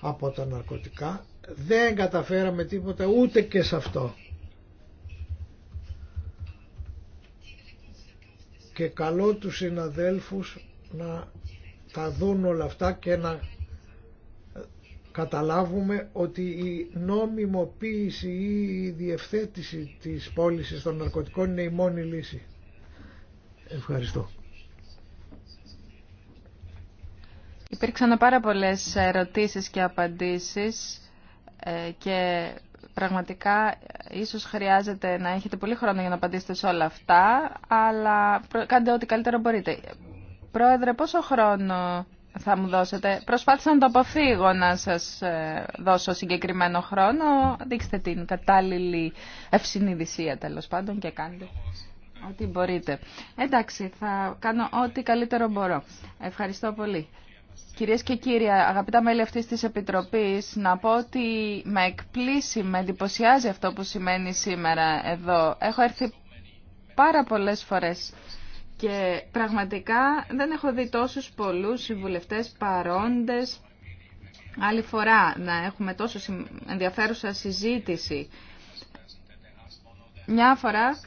από τα ναρκωτικά. Δεν καταφέραμε τίποτα ούτε και σε αυτό. Και καλό τους συναδέλφους να τα δουν όλα αυτά και να καταλάβουμε ότι η νόμιμοποίηση ή η διευθέτηση της πώληση των ναρκωτικών είναι η μόνη λύση. Ευχαριστώ. Υπήρξαν πάρα πολλές ερωτήσεις και απαντήσεις ε, και πραγματικά ίσως χρειάζεται να έχετε πολύ χρόνο για να απαντήσετε σε όλα αυτά, αλλά κάντε ό,τι καλύτερο μπορείτε. Πρόεδρε, πόσο χρόνο θα μου δώσετε. Προσπάθησα να το αποφύγω να σας ε, δώσω συγκεκριμένο χρόνο. Δείξτε την κατάλληλη ευσυνειδησία τέλος πάντων και κάντε ό,τι μπορείτε. Εντάξει, θα κάνω ό,τι καλύτερο μπορώ. Ευχαριστώ πολύ. Κυρίες και κύριοι, αγαπητά μέλη αυτή της Επιτροπής, να πω ότι με εκπλήσει, με εντυπωσιάζει αυτό που σημαίνει σήμερα εδώ. Έχω έρθει πάρα πολλέ φορές και πραγματικά δεν έχω δει τόσους πολλούς συμβουλευτές παρόντες άλλη φορά να έχουμε τόσο ενδιαφέρουσα συζήτηση. Μια φορά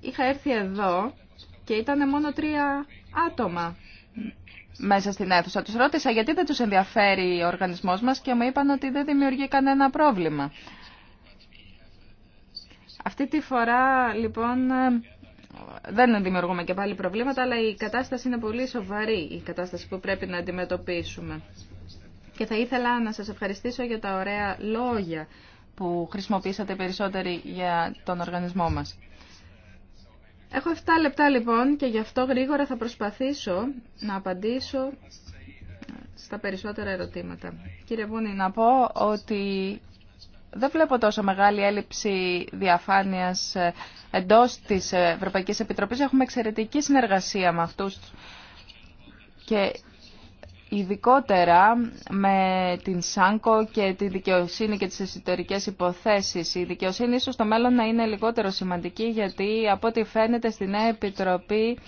είχα έρθει εδώ και ήταν μόνο τρία άτομα μέσα στην αίθουσα. Τους ρώτησα γιατί δεν τους ενδιαφέρει ο οργανισμός μας και μου είπαν ότι δεν δημιουργεί κανένα πρόβλημα. Αυτή τη φορά λοιπόν δεν δημιουργούμε και πάλι προβλήματα, αλλά η κατάσταση είναι πολύ σοβαρή, η κατάσταση που πρέπει να αντιμετωπίσουμε. Και θα ήθελα να σας ευχαριστήσω για τα ωραία λόγια που χρησιμοποίησατε περισσότεροι για τον οργανισμό μας. Έχω 7 λεπτά λοιπόν και γι' αυτό γρήγορα θα προσπαθήσω να απαντήσω στα περισσότερα ερωτήματα. Κύριε Βούνη, να πω ότι δεν βλέπω τόσο μεγάλη έλλειψη διαφάνειας ε, εντός της Ευρωπαϊκής Επιτροπής. Έχουμε εξαιρετική συνεργασία με αυτούς και ειδικότερα με την ΣΑΝΚΟ και τη δικαιοσύνη και τις εσωτερικέ υποθέσεις. Η δικαιοσύνη ίσως στο μέλλον να είναι λιγότερο σημαντική γιατί από ό,τι φαίνεται στη Νέα Επιτροπή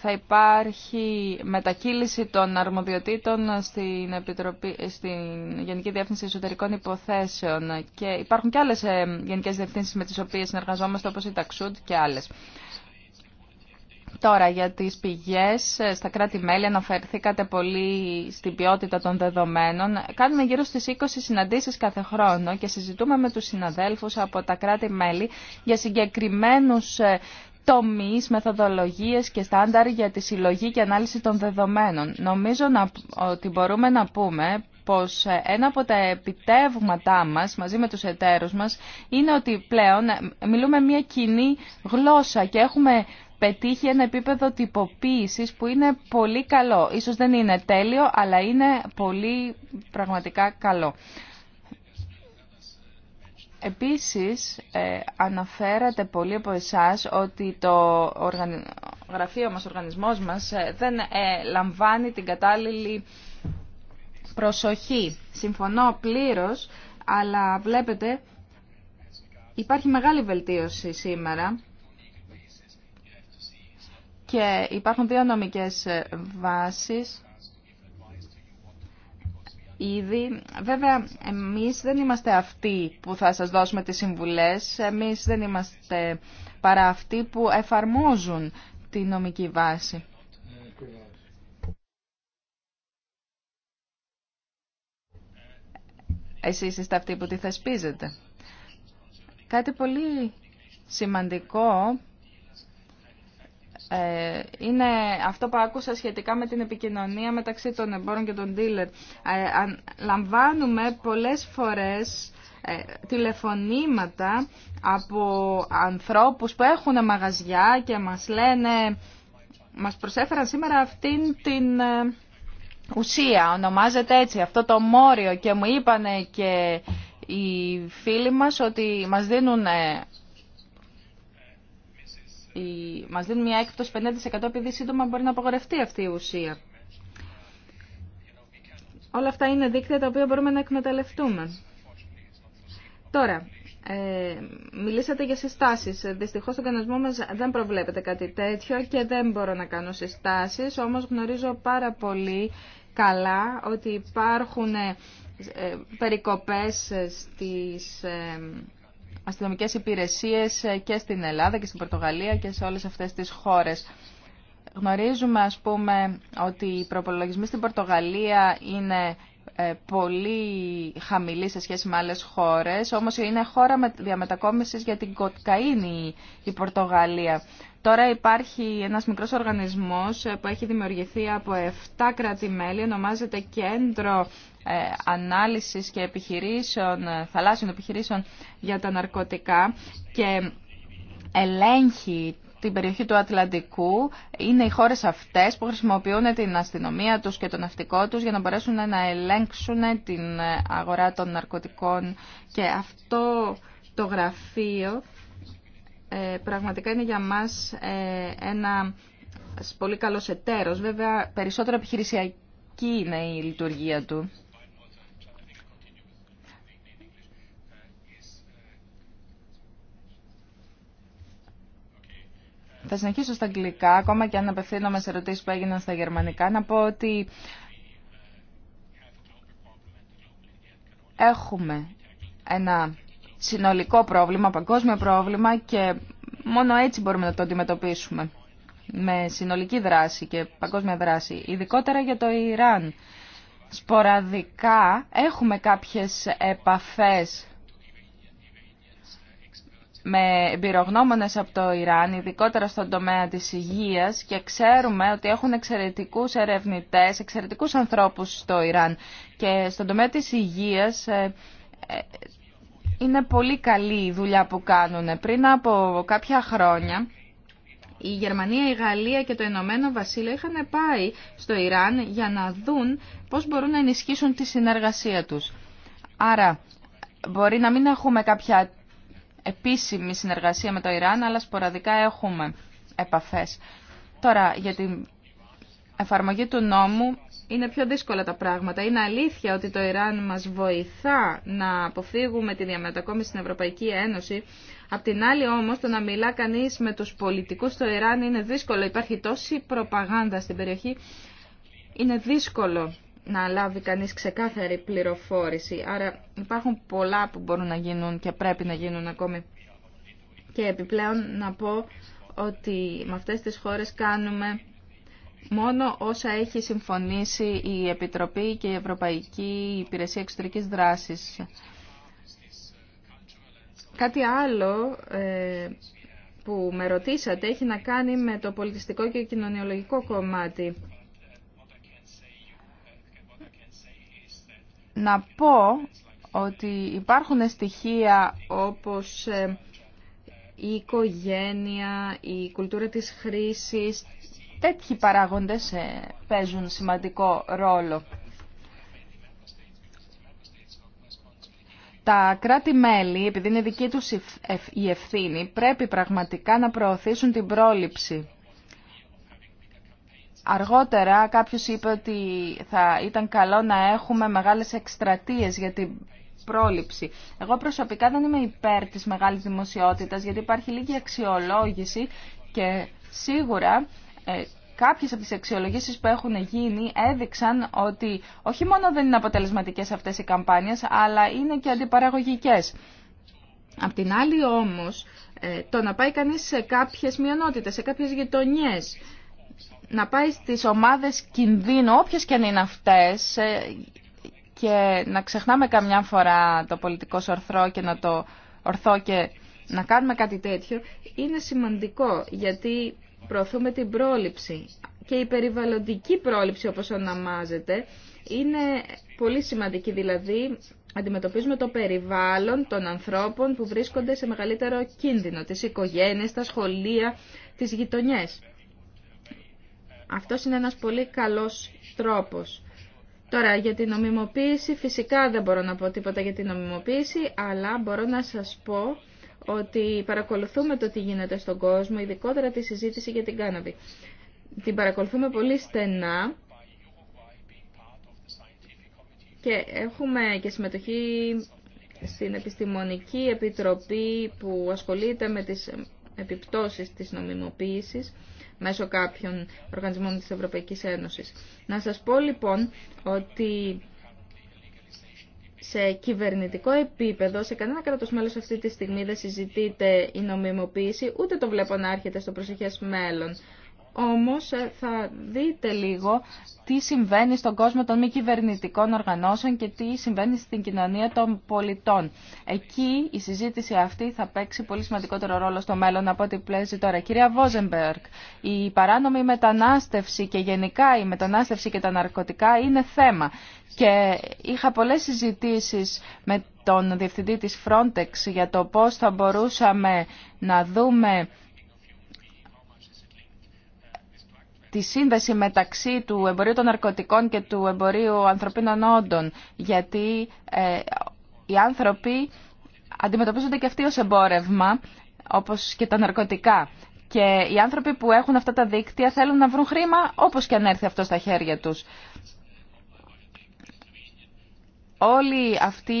θα υπάρχει μετακύληση των αρμοδιοτήτων στην, Επιτροπή, στην Γενική Διεύθυνση Εσωτερικών Υποθέσεων και υπάρχουν και άλλες ε, γενικές διευθύνσεις με τις οποίες συνεργαζόμαστε όπως η Ταξούντ και άλλες. Τώρα για τις πηγές ε, στα κράτη-μέλη αναφερθήκατε πολύ στην ποιότητα των δεδομένων. Κάνουμε γύρω στις 20 συναντήσεις κάθε χρόνο και συζητούμε με τους συναδέλφους από τα κράτη-μέλη για συγκεκριμένους ε, τομείς, μεθοδολογίες και στάνταρ για τη συλλογή και ανάλυση των δεδομένων. Νομίζω ότι μπορούμε να πούμε πως ε, ένα από τα επιτεύγματά μας μαζί με τους εταίρους μας είναι ότι πλέον ε, μιλούμε μια κοινή γλώσσα και έχουμε πετύχει ένα επίπεδο τυποποίησης που είναι πολύ καλό. Ίσως δεν είναι τέλειο, αλλά είναι πολύ πραγματικά καλό. Επίσης, ε, αναφέρατε πολλοί από εσάς ότι το γραφείο μας, ο οργανισμός μας, ε, δεν ε, λαμβάνει την κατάλληλη προσοχή. Συμφωνώ πλήρως, αλλά βλέπετε, υπάρχει μεγάλη βελτίωση σήμερα και υπάρχουν δύο νομικές βάσεις ήδη. Βέβαια, εμείς δεν είμαστε αυτοί που θα σας δώσουμε τις συμβουλές. Εμείς δεν είμαστε παρά αυτοί που εφαρμόζουν τη νομική βάση. Εσείς είστε αυτοί που τη θεσπίζετε. Κάτι πολύ σημαντικό ε, είναι αυτό που άκουσα σχετικά με την επικοινωνία μεταξύ των εμπόρων και των dealer. Ε, λαμβάνουμε πολλές φορές ε, τηλεφωνήματα από ανθρώπους που έχουν μαγαζιά και μας λένε μας προσέφεραν σήμερα αυτήν την ουσία, ονομάζεται έτσι, αυτό το μόριο και μου είπανε και οι φίλοι μας ότι μας δίνουν μας δίνουν μια έκπτωση 50% επειδή σύντομα μπορεί να απογορευτεί αυτή η ουσία. Όλα αυτά είναι δίκτυα τα οποία μπορούμε να εκμεταλλευτούμε. Τώρα, ε, μιλήσατε για συστάσεις. Δυστυχώς στον κανονισμό μας δεν προβλέπεται κάτι τέτοιο και δεν μπορώ να κάνω συστάσεις, όμως γνωρίζω πάρα πολύ καλά ότι υπάρχουν ε, ε, περικοπές ε, στις αστυνομικές υπηρεσίες ε, και στην Ελλάδα και στην Πορτογαλία και σε όλες αυτές τις χώρες. Γνωρίζουμε, ας πούμε, ότι οι προπολογισμοί στην Πορτογαλία είναι ε, πολύ χαμηλή σε σχέση με άλλες χώρες, όμως είναι χώρα διαμετακόμισης για την κοκαίνη η Πορτογαλία. Τώρα υπάρχει ένας μικρός οργανισμός ε, που έχει δημιουργηθεί από 7 κράτη-μέλη, ονομάζεται Κέντρο ε, Ανάλυσης και Επιχειρήσεων, Θαλάσσιων Επιχειρήσεων για τα Ναρκωτικά και ελέγχει την περιοχή του Ατλαντικού είναι οι χώρες αυτές που χρησιμοποιούν την αστυνομία τους και το ναυτικό τους για να μπορέσουν να ελέγξουν την αγορά των ναρκωτικών και αυτό το γραφείο ε, πραγματικά είναι για μας ε, ένα πολύ καλός εταίρος. Βέβαια περισσότερο επιχειρησιακή είναι η λειτουργία του. Θα συνεχίσω στα αγγλικά, ακόμα και αν απευθύνομαι σε ερωτήσει που έγιναν στα γερμανικά, να πω ότι έχουμε ένα συνολικό πρόβλημα, παγκόσμιο πρόβλημα και μόνο έτσι μπορούμε να το αντιμετωπίσουμε με συνολική δράση και παγκόσμια δράση, ειδικότερα για το Ιράν. Σποραδικά έχουμε κάποιες επαφές με εμπειρογνώμονες από το Ιράν, ειδικότερα στον τομέα της υγείας και ξέρουμε ότι έχουν εξαιρετικούς ερευνητές, εξαιρετικούς ανθρώπους στο Ιράν και στον τομέα της υγείας ε, ε, είναι πολύ καλή η δουλειά που κάνουν. Πριν από κάποια χρόνια η Γερμανία, η Γαλλία και το Ηνωμένο Βασίλειο είχαν πάει στο Ιράν για να δουν πώς μπορούν να ενισχύσουν τη συνεργασία τους. Άρα μπορεί να μην έχουμε κάποια επίσημη συνεργασία με το Ιράν, αλλά σποραδικά έχουμε επαφές. Τώρα, για την εφαρμογή του νόμου είναι πιο δύσκολα τα πράγματα. Είναι αλήθεια ότι το Ιράν μας βοηθά να αποφύγουμε τη διαμετακόμιση στην Ευρωπαϊκή Ένωση. Απ' την άλλη όμως το να μιλά κανείς με τους πολιτικούς στο Ιράν είναι δύσκολο. Υπάρχει τόση προπαγάνδα στην περιοχή. Είναι δύσκολο να λάβει κανείς ξεκάθαρη πληροφόρηση. Άρα υπάρχουν πολλά που μπορούν να γίνουν και πρέπει να γίνουν ακόμη. Και επιπλέον να πω ότι με αυτές τις χώρες κάνουμε μόνο όσα έχει συμφωνήσει η Επιτροπή και η Ευρωπαϊκή Υπηρεσία Εξωτερικής Δράσης. Κάτι άλλο ε, που με ρωτήσατε έχει να κάνει με το πολιτιστικό και κοινωνιολογικό κομμάτι. να πω ότι υπάρχουν στοιχεία όπως ε, η οικογένεια, η κουλτούρα της χρήσης, τέτοιοι παράγοντες ε, παίζουν σημαντικό ρόλο. Τα κράτη-μέλη, επειδή είναι δική τους η ευθύνη, πρέπει πραγματικά να προωθήσουν την πρόληψη. Αργότερα κάποιος είπε ότι θα ήταν καλό να έχουμε μεγάλες εκστρατείες για την πρόληψη. Εγώ προσωπικά δεν είμαι υπέρ της μεγάλης δημοσιότητας γιατί υπάρχει λίγη αξιολόγηση και σίγουρα ε, κάποιες από τις αξιολογήσεις που έχουν γίνει έδειξαν ότι όχι μόνο δεν είναι αποτελεσματικές αυτές οι καμπάνιες αλλά είναι και αντιπαραγωγικές. Απ' την άλλη όμως ε, το να πάει κανείς σε κάποιες μειονότητες, σε κάποιες γειτονιές να πάει στις ομάδες κινδύνου, όποιες και αν είναι αυτές, ε, και να ξεχνάμε καμιά φορά το πολιτικό ορθρό και να το ορθώ και να κάνουμε κάτι τέτοιο, είναι σημαντικό γιατί προωθούμε την πρόληψη. Και η περιβαλλοντική πρόληψη όπως ονομάζεται είναι πολύ σημαντική, δηλαδή αντιμετωπίζουμε το περιβάλλον των ανθρώπων που βρίσκονται σε μεγαλύτερο κίνδυνο, τις οικογένειες, τα σχολεία, τις γειτονιές. Αυτό είναι ένας πολύ καλός τρόπος. Τώρα για την νομιμοποίηση φυσικά δεν μπορώ να πω τίποτα για την νομιμοποίηση αλλά μπορώ να σας πω ότι παρακολουθούμε το τι γίνεται στον κόσμο, ειδικότερα τη συζήτηση για την κάναβη. Την παρακολουθούμε πολύ στενά και έχουμε και συμμετοχή στην Επιστημονική Επιτροπή που ασχολείται με τις επιπτώσεις της νομιμοποίησης μέσω κάποιων οργανισμών της Ευρωπαϊκής Ένωσης. Να σας πω λοιπόν ότι σε κυβερνητικό επίπεδο, σε κανένα κράτος μέλος αυτή τη στιγμή δεν συζητείται η νομιμοποίηση, ούτε το βλέπω να έρχεται στο προσεχές μέλλον όμως ε, θα δείτε λίγο τι συμβαίνει στον κόσμο των μη κυβερνητικών οργανώσεων και τι συμβαίνει στην κοινωνία των πολιτών. Εκεί η συζήτηση αυτή θα παίξει πολύ σημαντικότερο ρόλο στο μέλλον από ό,τι πλέζει τώρα. Κυρία Βόζεμπεργκ, η παράνομη μετανάστευση και γενικά η μετανάστευση και τα ναρκωτικά είναι θέμα. Και είχα πολλές συζητήσεις με τον διευθυντή της Frontex για το πώς θα μπορούσαμε να δούμε τη σύνδεση μεταξύ του εμπορίου των ναρκωτικών και του εμπορίου ανθρωπίνων όντων, γιατί ε, οι άνθρωποι αντιμετωπίζονται και αυτοί ως εμπόρευμα, όπως και τα ναρκωτικά. Και οι άνθρωποι που έχουν αυτά τα δίκτυα θέλουν να βρουν χρήμα όπως και αν έρθει αυτό στα χέρια τους. Όλη αυτή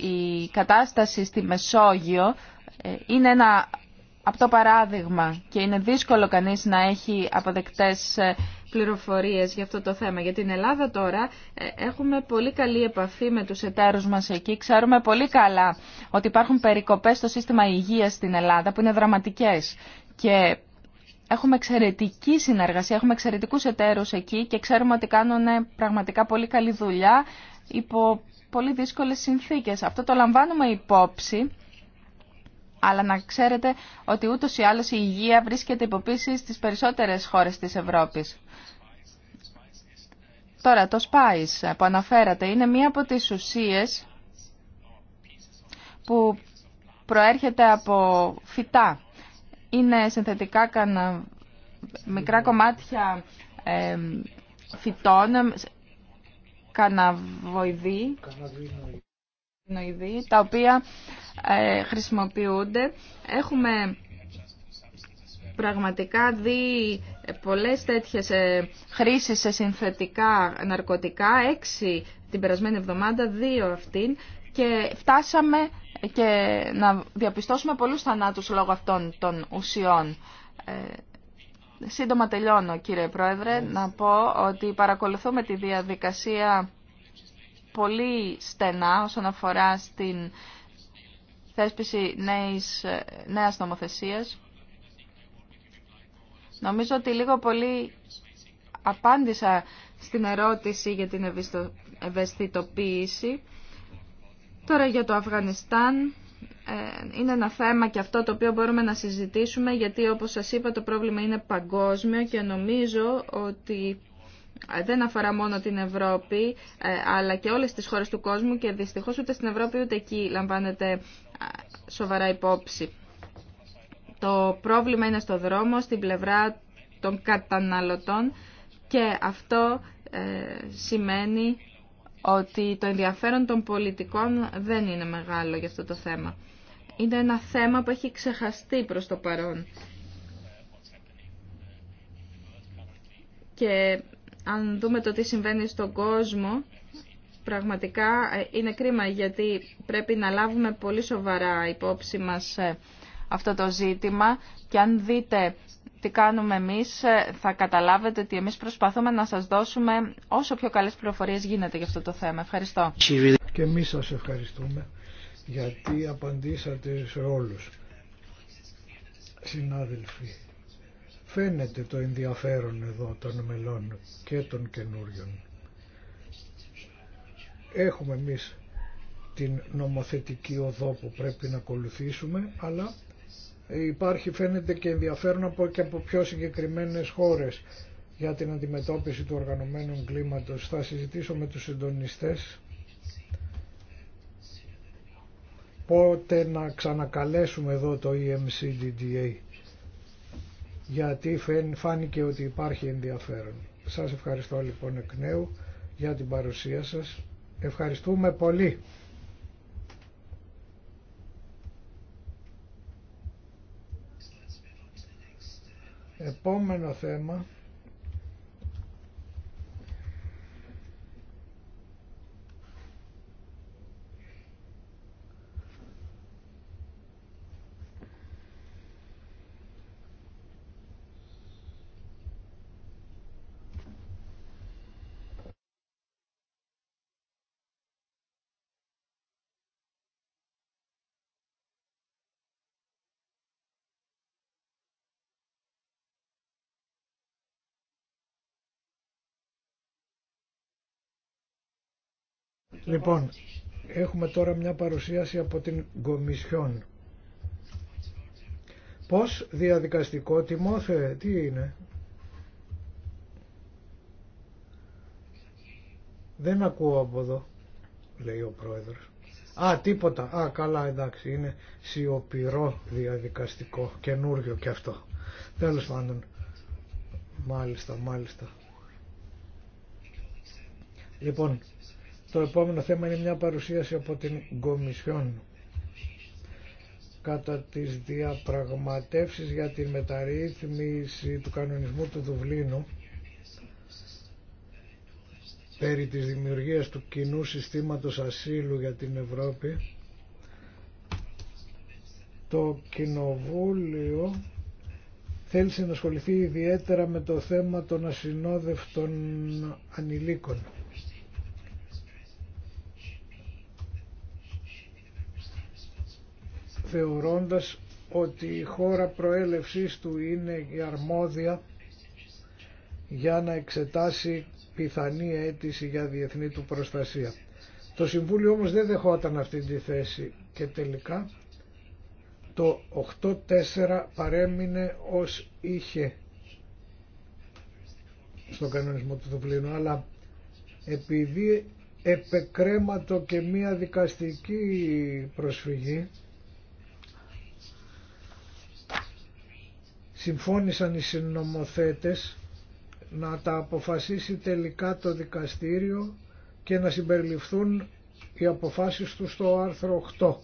η, κατάσταση στη Μεσόγειο ε, είναι ένα από το παράδειγμα και είναι δύσκολο κανείς να έχει αποδεκτές ε, πληροφορίες για αυτό το θέμα. Για την Ελλάδα τώρα ε, έχουμε πολύ καλή επαφή με τους εταίρους μας εκεί. Ξέρουμε πολύ καλά ότι υπάρχουν περικοπές στο σύστημα υγείας στην Ελλάδα που είναι δραματικές και έχουμε εξαιρετική συνεργασία, έχουμε εξαιρετικούς εταίρους εκεί και ξέρουμε ότι κάνουν ε, πραγματικά πολύ καλή δουλειά υπό πολύ δύσκολες συνθήκες. Αυτό το λαμβάνουμε υπόψη αλλά να ξέρετε ότι ούτως ή άλλως η υγεία βρίσκεται υποποίηση στις περισσότερες χώρες της Ευρώπης. Τώρα, το Spice που αναφέρατε είναι μία από τις ουσίες που προέρχεται από φυτά. Είναι συνθετικά κανα... Ε, μικρά κομμάτια ε, φυτών, ε, καναβοειδή τα οποία ε, χρησιμοποιούνται. Έχουμε πραγματικά δει πολλές τέτοιες ε, χρήσεις σε συνθετικά ναρκωτικά, έξι την περασμένη εβδομάδα, δύο αυτήν και φτάσαμε και να διαπιστώσουμε πολλούς θανάτους λόγω αυτών των ουσιών. Ε, σύντομα τελειώνω κύριε Πρόεδρε, να πω ότι παρακολουθούμε τη διαδικασία πολύ στενά όσον αφορά στην θέσπιση νέης, νέας νομοθεσίας. Νομίζω ότι λίγο πολύ απάντησα στην ερώτηση για την ευαισθητοποίηση. Τώρα για το Αφγανιστάν ε, είναι ένα θέμα και αυτό το οποίο μπορούμε να συζητήσουμε γιατί όπως σας είπα το πρόβλημα είναι παγκόσμιο και νομίζω ότι ε, δεν αφορά μόνο την Ευρώπη, ε, αλλά και όλες τις χώρες του κόσμου και δυστυχώς ούτε στην Ευρώπη ούτε εκεί λαμβάνεται ε, σοβαρά υπόψη. Το πρόβλημα είναι στο δρόμο, στην πλευρά των καταναλωτών και αυτό σημαίνει ότι το ενδιαφέρον των πολιτικών δεν είναι μεγάλο για αυτό το θέμα. Είναι ένα θέμα που έχει ξεχαστεί προς το παρόν. Και αν δούμε το τι συμβαίνει στον κόσμο, πραγματικά ε, είναι κρίμα γιατί πρέπει να λάβουμε πολύ σοβαρά υπόψη μας ε, αυτό το ζήτημα και αν δείτε τι κάνουμε εμείς ε, θα καταλάβετε ότι εμείς προσπαθούμε να σας δώσουμε όσο πιο καλές πληροφορίες γίνεται για αυτό το θέμα. Ευχαριστώ. Και εμείς σας ευχαριστούμε γιατί απαντήσατε σε όλους. Συνάδελφοι, Φαίνεται το ενδιαφέρον εδώ των μελών και των καινούριων. Έχουμε εμείς την νομοθετική οδό που πρέπει να ακολουθήσουμε, αλλά υπάρχει φαίνεται και ενδιαφέρον από και από πιο συγκεκριμένες χώρες για την αντιμετώπιση του οργανωμένου κλίματος. Θα συζητήσω με τους συντονιστές πότε να ξανακαλέσουμε εδώ το EMCDDA γιατί φάνηκε ότι υπάρχει ενδιαφέρον. Σας ευχαριστώ λοιπόν εκ νέου για την παρουσία σας. Ευχαριστούμε πολύ. Επόμενο θέμα Λοιπόν, έχουμε τώρα μια παρουσίαση από την Κομισιόν. Πώς διαδικαστικό, Τιμόθε, τι είναι. Δεν ακούω από εδώ, λέει ο πρόεδρος. Α, τίποτα. Α, καλά, εντάξει, είναι σιωπηρό διαδικαστικό, καινούριο και αυτό. Τέλος πάντων. Μάλιστα, μάλιστα. Λοιπόν, το επόμενο θέμα είναι μια παρουσίαση από την Κομισιόν κατά τις διαπραγματεύσεις για τη μεταρρύθμιση του κανονισμού του Δουβλίνου περί της δημιουργίας του κοινού συστήματος ασύλου για την Ευρώπη το Κοινοβούλιο θέλησε να ασχοληθεί ιδιαίτερα με το θέμα των ασυνόδευτων ανηλίκων. θεωρώντας ότι η χώρα προέλευσής του είναι η αρμόδια για να εξετάσει πιθανή αίτηση για διεθνή του προστασία. Το Συμβούλιο όμως δεν δεχόταν αυτή τη θέση και τελικά το 8-4 παρέμεινε ως είχε στον κανονισμό του Δουβλίνου, αλλά επειδή επεκρέματο και μία δικαστική προσφυγή συμφώνησαν οι συνομοθέτες να τα αποφασίσει τελικά το δικαστήριο και να συμπεριληφθούν οι αποφάσεις του στο άρθρο 8.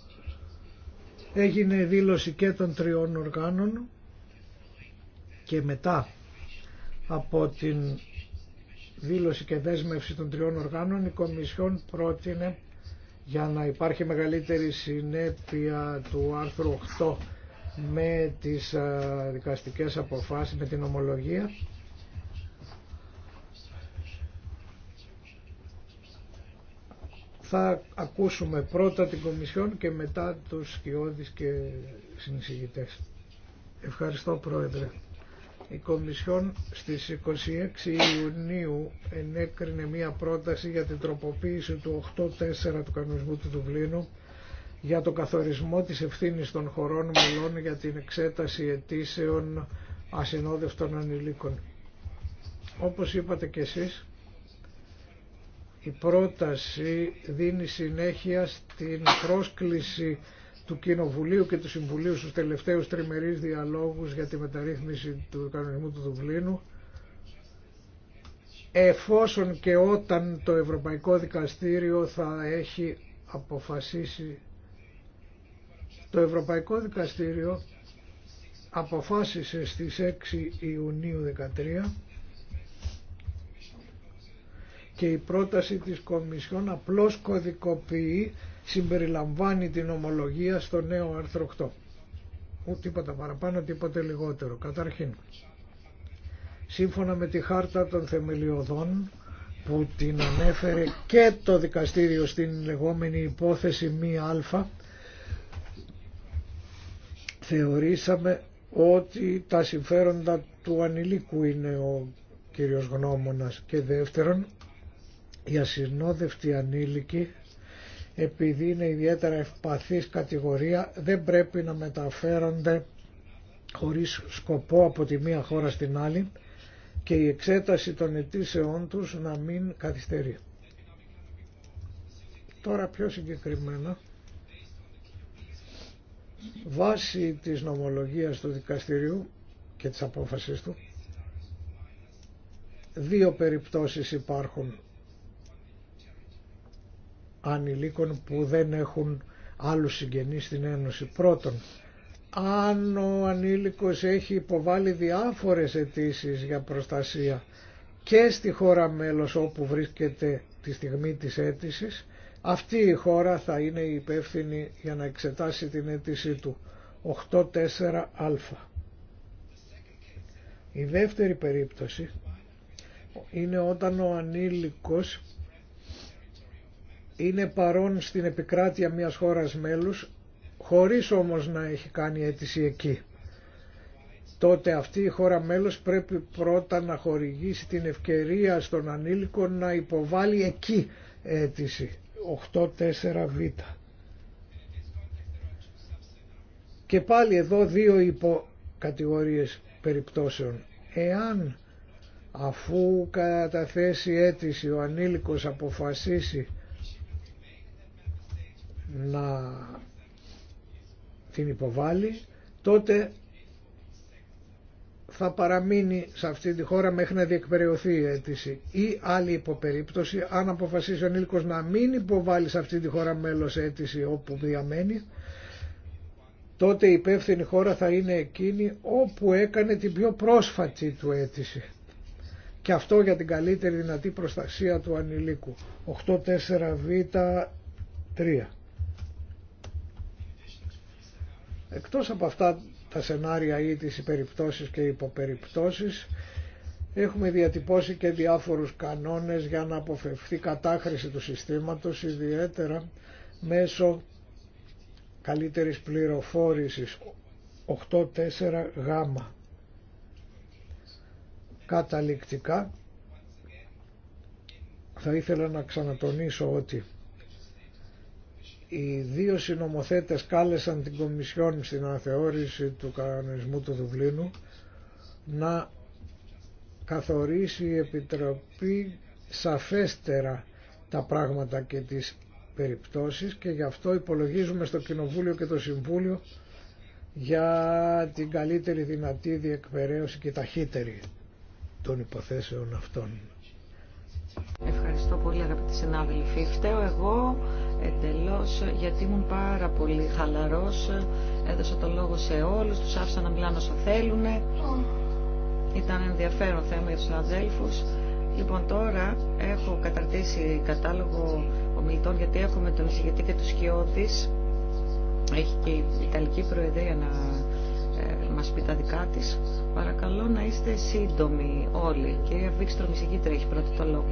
Έγινε δήλωση και των τριών οργάνων και μετά από την δήλωση και δέσμευση των τριών οργάνων η Κομισιόν πρότεινε για να υπάρχει μεγαλύτερη συνέπεια του άρθρου 8 με τις δικαστικές αποφάσεις, με την ομολογία. Θα ακούσουμε πρώτα την Κομισιόν και μετά τους σκιώδεις και συνεισηγητές. Ευχαριστώ Πρόεδρε. Η Κομισιόν στις 26 Ιουνίου ενέκρινε μία πρόταση για την τροποποίηση του 8.4 του κανονισμού του Δουβλίνου για το καθορισμό της ευθύνης των χωρών μελών για την εξέταση αιτήσεων ασυνόδευτων ανηλίκων. Όπως είπατε και εσείς, η πρόταση δίνει συνέχεια στην πρόσκληση του Κοινοβουλίου και του Συμβουλίου στους τελευταίους τριμερείς διαλόγους για τη μεταρρύθμιση του κανονισμού του Δουβλίνου εφόσον και όταν το Ευρωπαϊκό Δικαστήριο θα έχει αποφασίσει το Ευρωπαϊκό Δικαστήριο αποφάσισε στις 6 Ιουνίου 2013 και η πρόταση της Κομισιόν απλώς κωδικοποιεί, συμπεριλαμβάνει την ομολογία στο νέο άρθρο 8. Ούτε τίποτα παραπάνω, τίποτε λιγότερο. Καταρχήν, σύμφωνα με τη χάρτα των θεμελιωδών που την ανέφερε και το δικαστήριο στην λεγόμενη υπόθεση 1α, θεωρήσαμε ότι τα συμφέροντα του ανηλίκου είναι ο κύριος γνώμονας και δεύτερον οι ασυνόδευτοι ανήλικοι επειδή είναι ιδιαίτερα ευπαθής κατηγορία δεν πρέπει να μεταφέρονται χωρίς σκοπό από τη μία χώρα στην άλλη και η εξέταση των αιτήσεών τους να μην καθυστερεί. Τώρα πιο συγκεκριμένα Βάσει της νομολογίας του δικαστηρίου και της απόφασης του, δύο περιπτώσεις υπάρχουν ανηλίκων που δεν έχουν άλλους συγγενείς στην Ένωση. Πρώτον, αν ο ανήλικος έχει υποβάλει διάφορες αιτήσει για προστασία και στη χώρα μέλος όπου βρίσκεται τη στιγμή της αίτηση αυτή η χώρα θα είναι η υπεύθυνη για να εξετάσει την αίτησή του. 84α. Η δεύτερη περίπτωση είναι όταν ο ανήλικος είναι παρόν στην επικράτεια μιας χώρας μέλους χωρίς όμως να έχει κάνει αίτηση εκεί. Τότε αυτή η χώρα μέλος πρέπει πρώτα να χορηγήσει την ευκαιρία στον ανήλικο να υποβάλει εκεί αίτηση. 8.4β. Και πάλι εδώ δύο υποκατηγορίες περιπτώσεων. Εάν αφού καταθέσει αίτηση ο ανήλικος αποφασίσει να την υποβάλει, τότε θα παραμείνει σε αυτή τη χώρα μέχρι να διεκπαιρεωθεί η αίτηση. Ή άλλη υποπερίπτωση, αν αποφασίσει ο ενήλικος να μην υποβάλει σε αυτή τη χώρα μέλος αίτηση όπου διαμένει, τότε η υπεύθυνη χώρα θα είναι εκείνη όπου έκανε την πιο πρόσφατη του αίτηση. Και αυτό για την καλύτερη δυνατή προστασία του ανηλίκου. 8.4β3. Εκτός από αυτά τα σενάρια ή τις περιπτώσεις και υποπεριπτώσεις. Έχουμε διατυπώσει και διάφορους κανόνες για να αποφευθεί κατάχρηση του συστήματος, ιδιαίτερα μέσω καλύτερης πληροφόρησης 8.4 γάμα. Καταληκτικά θα ήθελα να ξανατονίσω ότι οι δύο συνομοθέτες κάλεσαν την Κομισιόν στην αναθεώρηση του κανονισμού του Δουβλίνου να καθορίσει η Επιτροπή σαφέστερα τα πράγματα και τις περιπτώσεις και γι' αυτό υπολογίζουμε στο Κοινοβούλιο και το Συμβούλιο για την καλύτερη δυνατή διεκπαιρέωση και ταχύτερη των υποθέσεων αυτών. Ευχαριστώ πολύ αγαπητοί συνάδελφοι. Φταίω εγώ εντελώς γιατί ήμουν πάρα πολύ χαλαρός έδωσα το λόγο σε όλους τους άφησα να μιλάνε όσο θέλουν ήταν ενδιαφέρον θέμα για τους αδέλφους λοιπόν τώρα έχω καταρτήσει κατάλογο ομιλητών γιατί έχουμε τον εισηγητή και του σκιώδης έχει και η Ιταλική Προεδρία να ε, μας πει τα δικά της παρακαλώ να είστε σύντομοι όλοι κυρία Βίξτρομ εισηγήτρια έχει πρώτο το λόγο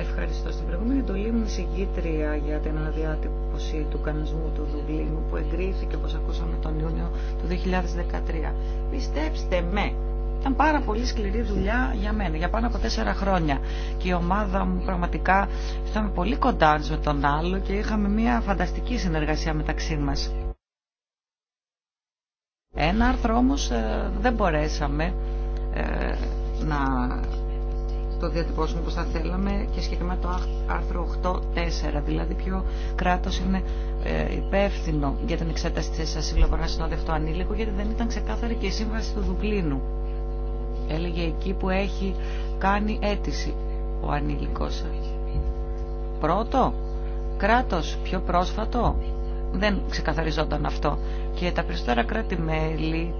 Ευχαριστώ. Στην προηγούμενη εντολή μου συγκίτρια για την αναδιάτυπωση του κανονισμού του Δουβλίνου που εγκρίθηκε όπως ακούσαμε τον Ιούνιο του 2013. Πιστέψτε με, ήταν πάρα πολύ σκληρή δουλειά για μένα, για πάνω από τέσσερα χρόνια. Και η ομάδα μου πραγματικά ήταν πολύ κοντά με τον άλλο και είχαμε μια φανταστική συνεργασία μεταξύ μας. Ένα άρθρο όμως ε, δεν μπορέσαμε ε, να το διατυπώσουμε όπως θα θέλαμε και συγκεκριμένα το άρθρο 8.4, δηλαδή ποιο κράτος είναι ε, υπεύθυνο για την εξέταση της ασύλου από ένα συνόδευτο ανήλικο, γιατί δεν ήταν ξεκάθαρη και η σύμβαση του Δουπλίνου Έλεγε εκεί που έχει κάνει αίτηση ο ανήλικος. Πρώτο, κράτος πιο πρόσφατο, δεν ξεκαθαριζόταν αυτό. Και τα περισσότερα κράτη-μέλη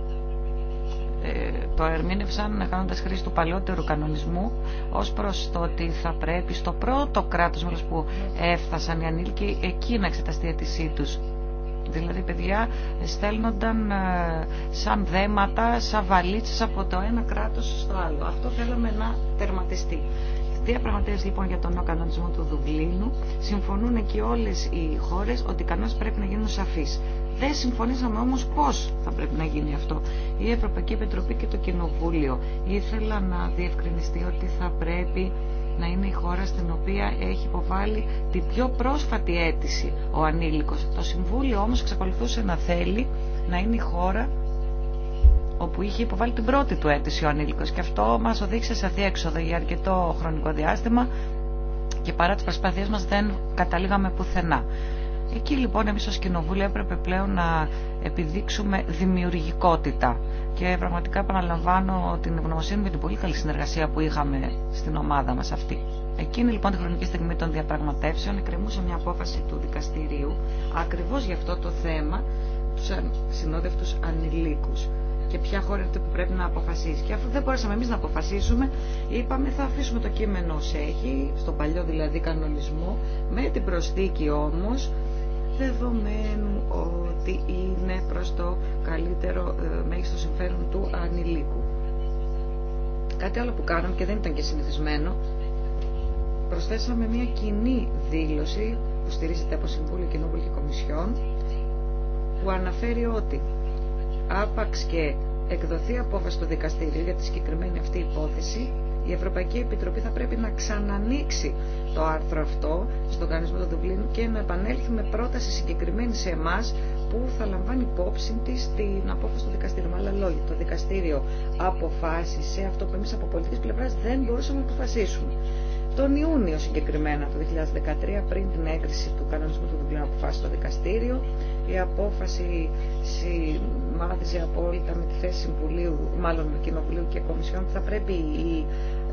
ε, το ερμήνευσαν κάνοντας χρήση του παλαιότερου κανονισμού ως προς το ότι θα πρέπει στο πρώτο κράτος μέλο που έφτασαν οι ανήλικοι εκεί να εξεταστεί η αίτησή τους. Δηλαδή, παιδιά στέλνονταν ε, σαν δέματα, σαν βαλίτσες από το ένα κράτος στο άλλο. Αυτό θέλαμε να τερματιστεί. Διαπραγματεύσει λοιπόν για τον νέο κανονισμό του Δουβλίνου συμφωνούν και όλε οι χώρε ότι οι πρέπει να γίνουν σαφεί. Δεν συμφωνήσαμε όμως πώς θα πρέπει να γίνει αυτό. Η Ευρωπαϊκή Επιτροπή και το Κοινοβούλιο ήθελα να διευκρινιστεί ότι θα πρέπει να είναι η χώρα στην οποία έχει υποβάλει την πιο πρόσφατη αίτηση ο ανήλικος. Το Συμβούλιο όμως εξακολουθούσε να θέλει να είναι η χώρα όπου είχε υποβάλει την πρώτη του αίτηση ο ανήλικος και αυτό μας οδήγησε σε διέξοδο για αρκετό χρονικό διάστημα και παρά τις προσπάθειές μας δεν καταλήγαμε πουθενά. Εκεί λοιπόν εμείς ως Κοινοβούλιο έπρεπε πλέον να επιδείξουμε δημιουργικότητα και πραγματικά επαναλαμβάνω την ευγνωμοσύνη με την πολύ καλή συνεργασία που είχαμε στην ομάδα μας αυτή. Εκείνη λοιπόν τη χρονική στιγμή των διαπραγματεύσεων εκκρεμούσε μια απόφαση του δικαστηρίου ακριβώς για αυτό το θέμα τους συνόδευτους ανηλίκους και ποια χώρα είναι που πρέπει να αποφασίσει. Και αφού δεν μπορέσαμε εμείς να αποφασίσουμε, είπαμε θα αφήσουμε το κείμενο ω έχει, στον παλιό δηλαδή κανονισμό, με την προσθήκη όμω δεδομένου ότι είναι προς το καλύτερο ε, μέγιστο συμφέρον του ανηλίκου. Κάτι άλλο που κάναμε και δεν ήταν και συνηθισμένο, προσθέσαμε μια κοινή δήλωση που στηρίζεται από Συμβούλιο Κοινόβουλιο και Κομισιόν που αναφέρει ότι άπαξ και εκδοθεί απόφαση στο δικαστήριο για τη συγκεκριμένη αυτή υπόθεση η Ευρωπαϊκή Επιτροπή θα πρέπει να ξανανοίξει το άρθρο αυτό στον κανονισμό του Δουβλίνου και να επανέλθει με πρόταση συγκεκριμένη σε εμά που θα λαμβάνει υπόψη τη την απόφαση του δικαστήριου. Με άλλα λόγια, το δικαστήριο αποφάσισε αυτό που εμεί από πολιτική πλευρά δεν μπορούσαμε να αποφασίσουμε. Τον Ιούνιο συγκεκριμένα το 2013, πριν την έγκριση του κανονισμού του Δουβλίνου, αποφάσισε το δικαστήριο. Η απόφαση σημάδιζε απόλυτα με τη θέση Συμβουλίου, μάλλον Κοινοβουλίου και Κομισιόν, θα πρέπει η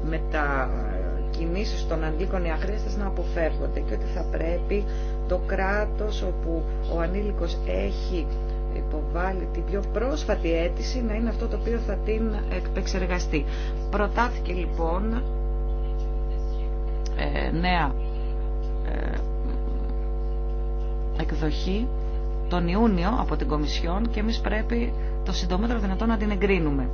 με τα κινήσεις των αντίκων οι αχρήστες να αποφεύγονται και ότι θα πρέπει το κράτος όπου ο ανήλικος έχει υποβάλει την πιο πρόσφατη αίτηση να είναι αυτό το οποίο θα την επεξεργαστεί. Προτάθηκε λοιπόν ε, νέα ε, εκδοχή τον Ιούνιο από την Κομισιόν και εμείς πρέπει το συντομότερο δυνατόν να την εγκρίνουμε.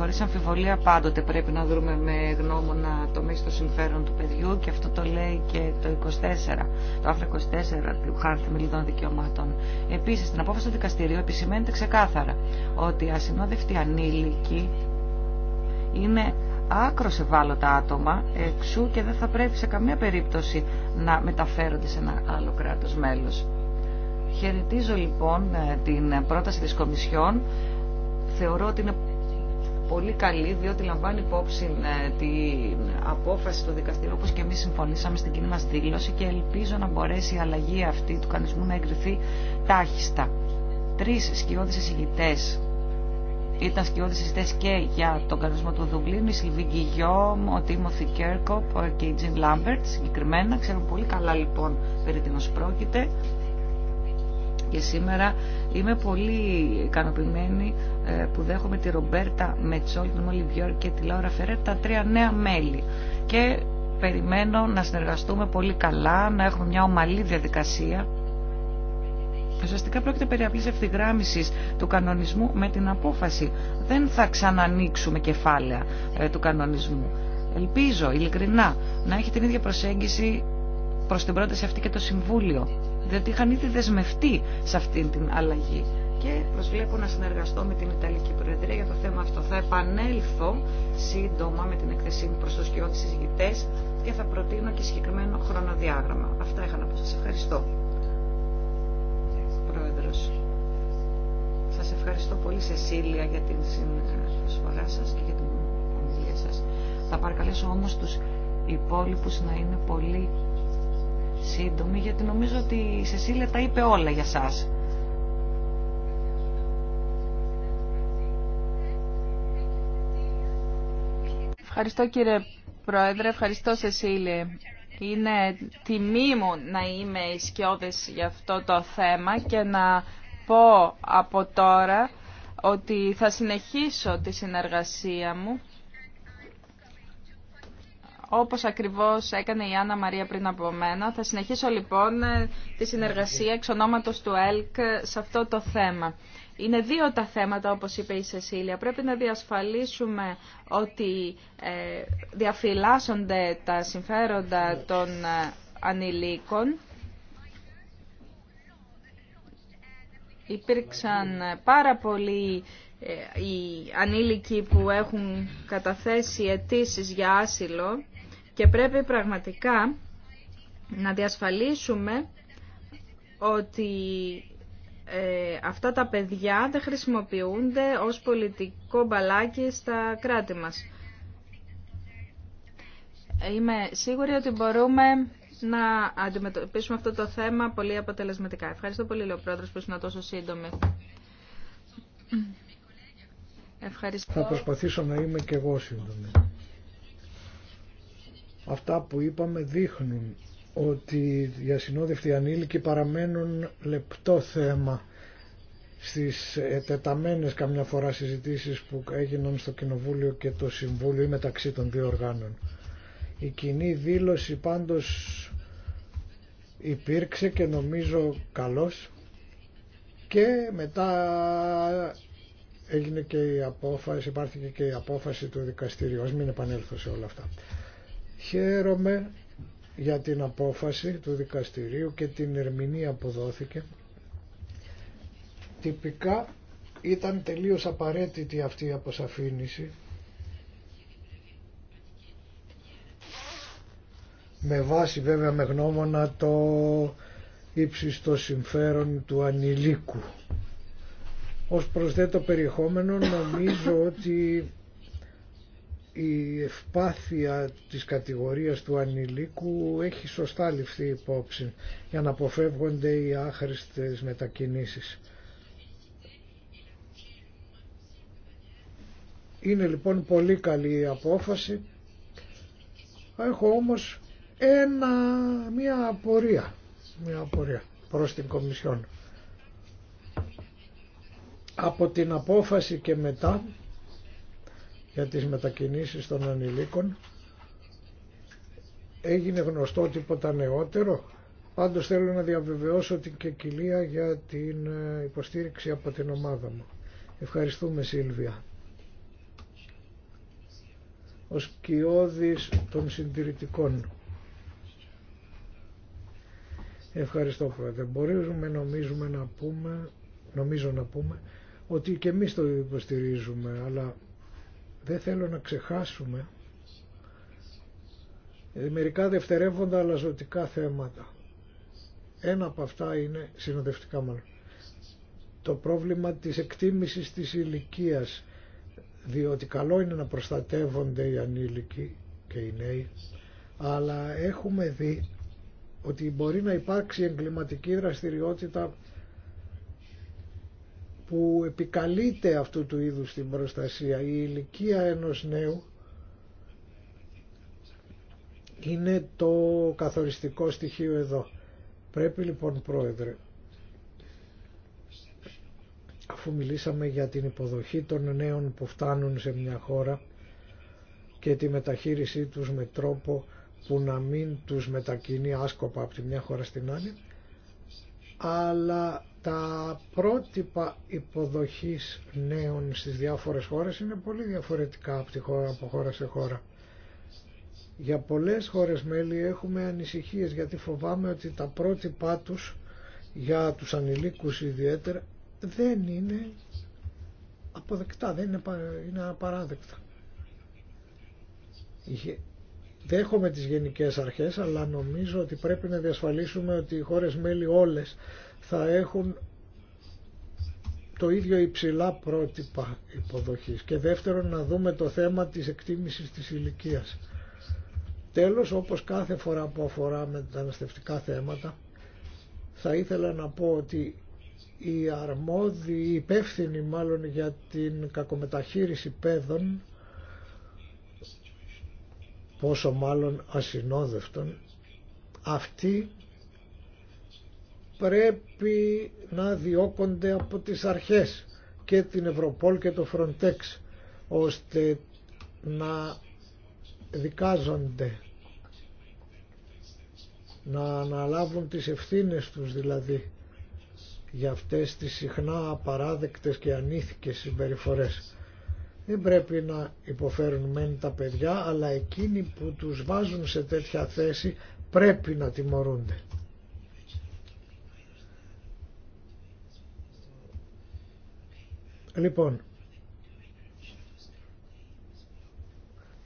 Χωρίς αμφιβολία πάντοτε πρέπει να δούμε με γνώμονα το των συμφέρον του παιδιού και αυτό το λέει και το 24, το 24 του Χάρτη Μελιδών Δικαιωμάτων. Επίσης, στην απόφαση του δικαστηρίου επισημαίνεται ξεκάθαρα ότι ασυνόδευτοι ανήλικοι είναι άκρος ευάλωτα άτομα εξού και δεν θα πρέπει σε καμία περίπτωση να μεταφέρονται σε ένα άλλο κράτος μέλος. Χαιρετίζω λοιπόν ε, την πρόταση της Κομισιόν. Θεωρώ ότι είναι πολύ καλή διότι λαμβάνει υπόψη ε, την απόφαση του δικαστηρίου όπως και εμείς συμφωνήσαμε στην κοινή μας δήλωση και ελπίζω να μπορέσει η αλλαγή αυτή του κανονισμού να εγκριθεί τάχιστα. Τρεις σκιώδεις εισηγητές ήταν σκιώδη συζητέ και για τον κανονισμό του Δουβλίνου, η Σιλβί Γκυγιόμ, ο Τίμωθη Κέρκοπ και η Τζιν Λάμπερτ συγκεκριμένα. ξέρουν πολύ καλά λοιπόν περί τίνο πρόκειται και σήμερα είμαι πολύ ικανοποιημένη ε, που δέχομαι τη Ρομπέρτα Μετσόλ, την Μόλι και τη Λάουρα Φερέ, τα τρία νέα μέλη. Και περιμένω να συνεργαστούμε πολύ καλά, να έχουμε μια ομαλή διαδικασία. Ουσιαστικά πρόκειται περί απλής ευθυγράμμισης του κανονισμού με την απόφαση. Δεν θα ξανανοίξουμε κεφάλαια ε, του κανονισμού. Ελπίζω ειλικρινά να έχει την ίδια προσέγγιση προς την πρόταση αυτή και το Συμβούλιο διότι είχαν ήδη δεσμευτεί σε αυτήν την αλλαγή. Και προσβλέπω να συνεργαστώ με την Ιταλική Προεδρία για το θέμα αυτό. Θα επανέλθω σύντομα με την εκθεσή μου προς τους κοιότητες και θα προτείνω και συγκεκριμένο χρονοδιάγραμμα. Αυτά είχα να πω. Σας ευχαριστώ. Πρόεδρος. Σας ευχαριστώ πολύ Σεσίλια για την συνεισφορά σας και για την ομιλία σας. Θα παρακαλέσω όμως τους υπόλοιπους να είναι πολύ σύντομη γιατί νομίζω ότι η Σεσίλια τα είπε όλα για σας. Ευχαριστώ κύριε Πρόεδρε, ευχαριστώ Σεσίλια. Είναι τιμή μου να είμαι ισκιώδης για αυτό το θέμα και να πω από τώρα ότι θα συνεχίσω τη συνεργασία μου όπως ακριβώς έκανε η Άννα Μαρία πριν από μένα. Θα συνεχίσω λοιπόν ε, τη συνεργασία εξ του ΕΛΚ σε αυτό το θέμα. Είναι δύο τα θέματα, όπως είπε η Σεσίλια. Πρέπει να διασφαλίσουμε ότι ε, διαφυλάσσονται τα συμφέροντα των ε, ανηλίκων. Υπήρξαν πάρα πολλοί οι ανήλικοι που έχουν καταθέσει αιτήσει για άσυλο και πρέπει πραγματικά να διασφαλίσουμε ότι ε, αυτά τα παιδιά δεν χρησιμοποιούνται ως πολιτικό μπαλάκι στα κράτη μας. Είμαι σίγουρη ότι μπορούμε να αντιμετωπίσουμε αυτό το θέμα πολύ αποτελεσματικά. Ευχαριστώ πολύ, λέω που ήσουν τόσο σύντομη. Θα προσπαθήσω να είμαι και εγώ σύντομη. Αυτά που είπαμε δείχνουν ότι οι ασυνόδευτοι ανήλικοι παραμένουν λεπτό θέμα στις τεταμένες καμιά φορά συζητήσεις που έγιναν στο Κοινοβούλιο και το Συμβούλιο ή μεταξύ των δύο οργάνων. Η κοινή δήλωση πάντως υπήρξε και νομίζω καλός και μετά έγινε και η απόφαση, υπάρχει και η απόφαση του δικαστηρίου. Ας μην επανέλθω σε όλα αυτά. Χαίρομαι για την απόφαση του δικαστηρίου και την ερμηνεία που δόθηκε. Τυπικά ήταν τελείως απαραίτητη αυτή η αποσαφήνιση με βάση βέβαια με γνώμονα το ύψιστο συμφέρον του ανηλίκου. Ως προς το περιεχόμενο νομίζω ότι η ευπάθεια της κατηγορίας του ανηλίκου έχει σωστά ληφθεί υπόψη για να αποφεύγονται οι άχρηστες μετακινήσεις. Είναι λοιπόν πολύ καλή η απόφαση. Έχω όμως ένα, μια απορία, μια απορία προς την Κομισιόν. Από την απόφαση και μετά για τις μετακινήσεις των ανηλίκων. Έγινε γνωστό τίποτα νεότερο. Πάντως θέλω να διαβεβαιώσω την κεκυλία για την ε, υποστήριξη από την ομάδα μου. Ευχαριστούμε Σίλβια. Ο σκιώδης των συντηρητικών. Ευχαριστώ πρόεδρε. Μπορούμε νομίζουμε να πούμε, νομίζω να πούμε ότι και εμείς το υποστηρίζουμε αλλά δεν θέλω να ξεχάσουμε ε, μερικά δευτερεύοντα αλλά ζωτικά θέματα. Ένα από αυτά είναι, συνοδευτικά μάλλον, το πρόβλημα της εκτίμησης της ηλικία, διότι καλό είναι να προστατεύονται οι ανήλικοι και οι νέοι, αλλά έχουμε δει ότι μπορεί να υπάρξει εγκληματική δραστηριότητα που επικαλείται αυτού του είδους την προστασία. Η ηλικία ενός νέου είναι το καθοριστικό στοιχείο εδώ. Πρέπει λοιπόν πρόεδρε, αφού μιλήσαμε για την υποδοχή των νέων που φτάνουν σε μια χώρα και τη μεταχείρισή τους με τρόπο που να μην τους μετακινεί άσκοπα από τη μια χώρα στην άλλη, αλλά τα πρότυπα υποδοχής νέων στις διάφορες χώρες είναι πολύ διαφορετικά από, τη χώρα, χώρα σε χώρα. Για πολλές χώρες μέλη έχουμε ανησυχίες γιατί φοβάμαι ότι τα πρότυπά τους για τους ανηλίκους ιδιαίτερα δεν είναι αποδεκτά, δεν είναι, είναι απαράδεκτα. Δέχομαι τις γενικές αρχές αλλά νομίζω ότι πρέπει να διασφαλίσουμε ότι οι χώρες μέλη όλες θα έχουν το ίδιο υψηλά πρότυπα υποδοχής και δεύτερον να δούμε το θέμα της εκτίμησης της ηλικία. Τέλος, όπως κάθε φορά που αφορά μεταναστευτικά θέματα, θα ήθελα να πω ότι οι αρμόδιοι, οι υπεύθυνοι μάλλον για την κακομεταχείριση παιδών, πόσο μάλλον ασυνόδευτων, αυτοί πρέπει να διώκονται από τις αρχές και την Ευρωπόλ και το Frontex ώστε να δικάζονται να αναλάβουν τις ευθύνες τους δηλαδή για αυτές τις συχνά απαράδεκτες και ανήθικες συμπεριφορές. Δεν πρέπει να υποφέρουν μεν τα παιδιά, αλλά εκείνοι που τους βάζουν σε τέτοια θέση πρέπει να τιμωρούνται. Λοιπόν,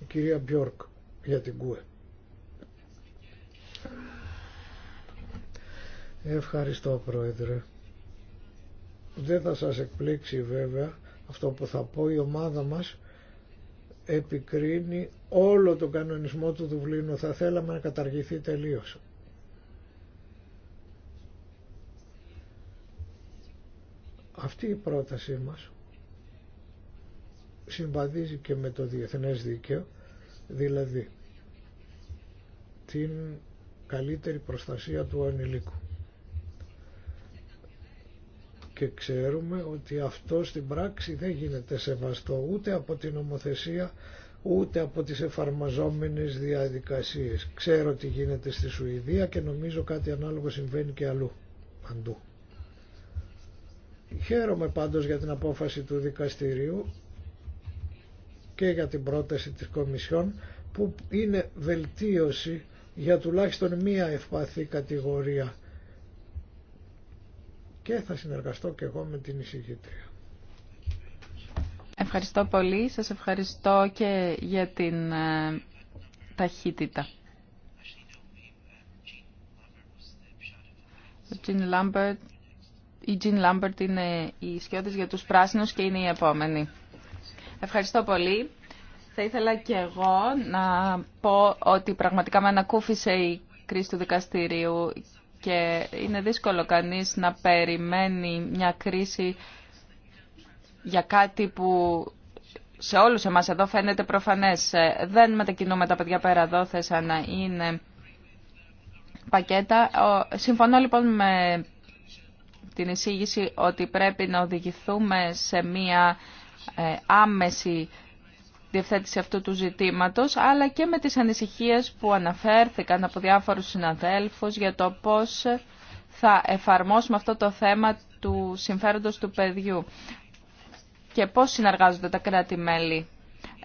η κυρία Μπιόρκ για την ΚΟΕ. Ευχαριστώ Πρόεδρε. Δεν θα σας εκπλήξει βέβαια αυτό που θα πω. Η ομάδα μας επικρίνει όλο τον κανονισμό του Δουβλίνου. Θα θέλαμε να καταργηθεί τελείως. Αυτή η πρότασή μας συμβαδίζει και με το διεθνές δίκαιο, δηλαδή την καλύτερη προστασία του ανηλίκου. Και ξέρουμε ότι αυτό στην πράξη δεν γίνεται σεβαστό ούτε από την ομοθεσία ούτε από τις εφαρμαζόμενες διαδικασίες. Ξέρω τι γίνεται στη Σουηδία και νομίζω κάτι ανάλογο συμβαίνει και αλλού, παντού. Χαίρομαι πάντως για την απόφαση του δικαστηρίου και για την πρόταση της Κομισιόν που είναι βελτίωση για τουλάχιστον μία ευπαθή κατηγορία και θα συνεργαστώ και εγώ με την εισηγήτρια. Ευχαριστώ πολύ. Σας ευχαριστώ και για την ε, ταχύτητα. Η Τζιν Λάμπερτ είναι η ισχυώδης για τους πράσινους και είναι η επόμενη. Ευχαριστώ πολύ. Θα ήθελα και εγώ να πω ότι πραγματικά με ανακούφισε η κρίση του δικαστηρίου και είναι δύσκολο κανείς να περιμένει μια κρίση για κάτι που σε όλους εμάς εδώ φαίνεται προφανές. Δεν μετακινούμε τα παιδιά πέρα εδώ, θέσα να είναι πακέτα. Συμφωνώ λοιπόν με την εισήγηση ότι πρέπει να οδηγηθούμε σε μια ε, άμεση διευθέτηση αυτού του ζητήματος, αλλά και με τις ανησυχίες που αναφέρθηκαν από διάφορους συναδέλφους για το πώς θα εφαρμόσουμε αυτό το θέμα του συμφέροντος του παιδιού και πώς συνεργάζονται τα κράτη-μέλη.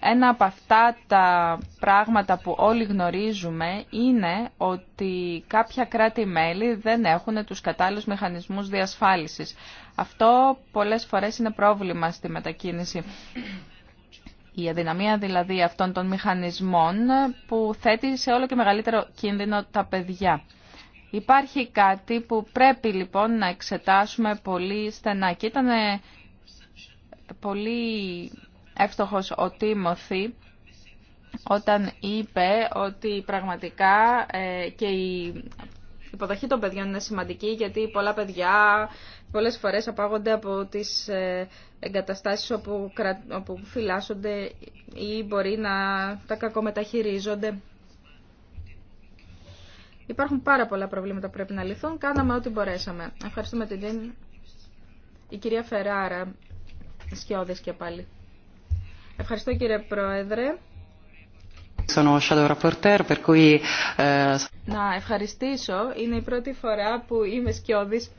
Ένα από αυτά τα πράγματα που όλοι γνωρίζουμε είναι ότι κάποια κράτη-μέλη δεν έχουν τους κατάλληλους μηχανισμούς διασφάλισης. Αυτό πολλές φορές είναι πρόβλημα στη μετακίνηση. Η αδυναμία δηλαδή αυτών των μηχανισμών που θέτει σε όλο και μεγαλύτερο κίνδυνο τα παιδιά. Υπάρχει κάτι που πρέπει λοιπόν να εξετάσουμε πολύ στενά και ήταν ε, πολύ εύστοχος ο Τίμωθη όταν είπε ότι πραγματικά ε, και η υποδοχή των παιδιών είναι σημαντική γιατί πολλά παιδιά πολλές φορές απάγονται από τις ε, εγκαταστάσεις όπου, φυλάσσονται ή μπορεί να τα κακομεταχειρίζονται. Υπάρχουν πάρα πολλά προβλήματα που πρέπει να λυθούν. Κάναμε ό,τι μπορέσαμε. Ευχαριστούμε την Τίν. Η κυρία Φεράρα, σκιώδες και πάλι. Ευχαριστώ κύριε Πρόεδρε. Ε, να ευχαριστήσω. Είναι η πρώτη φορά που είμαι σκιώδης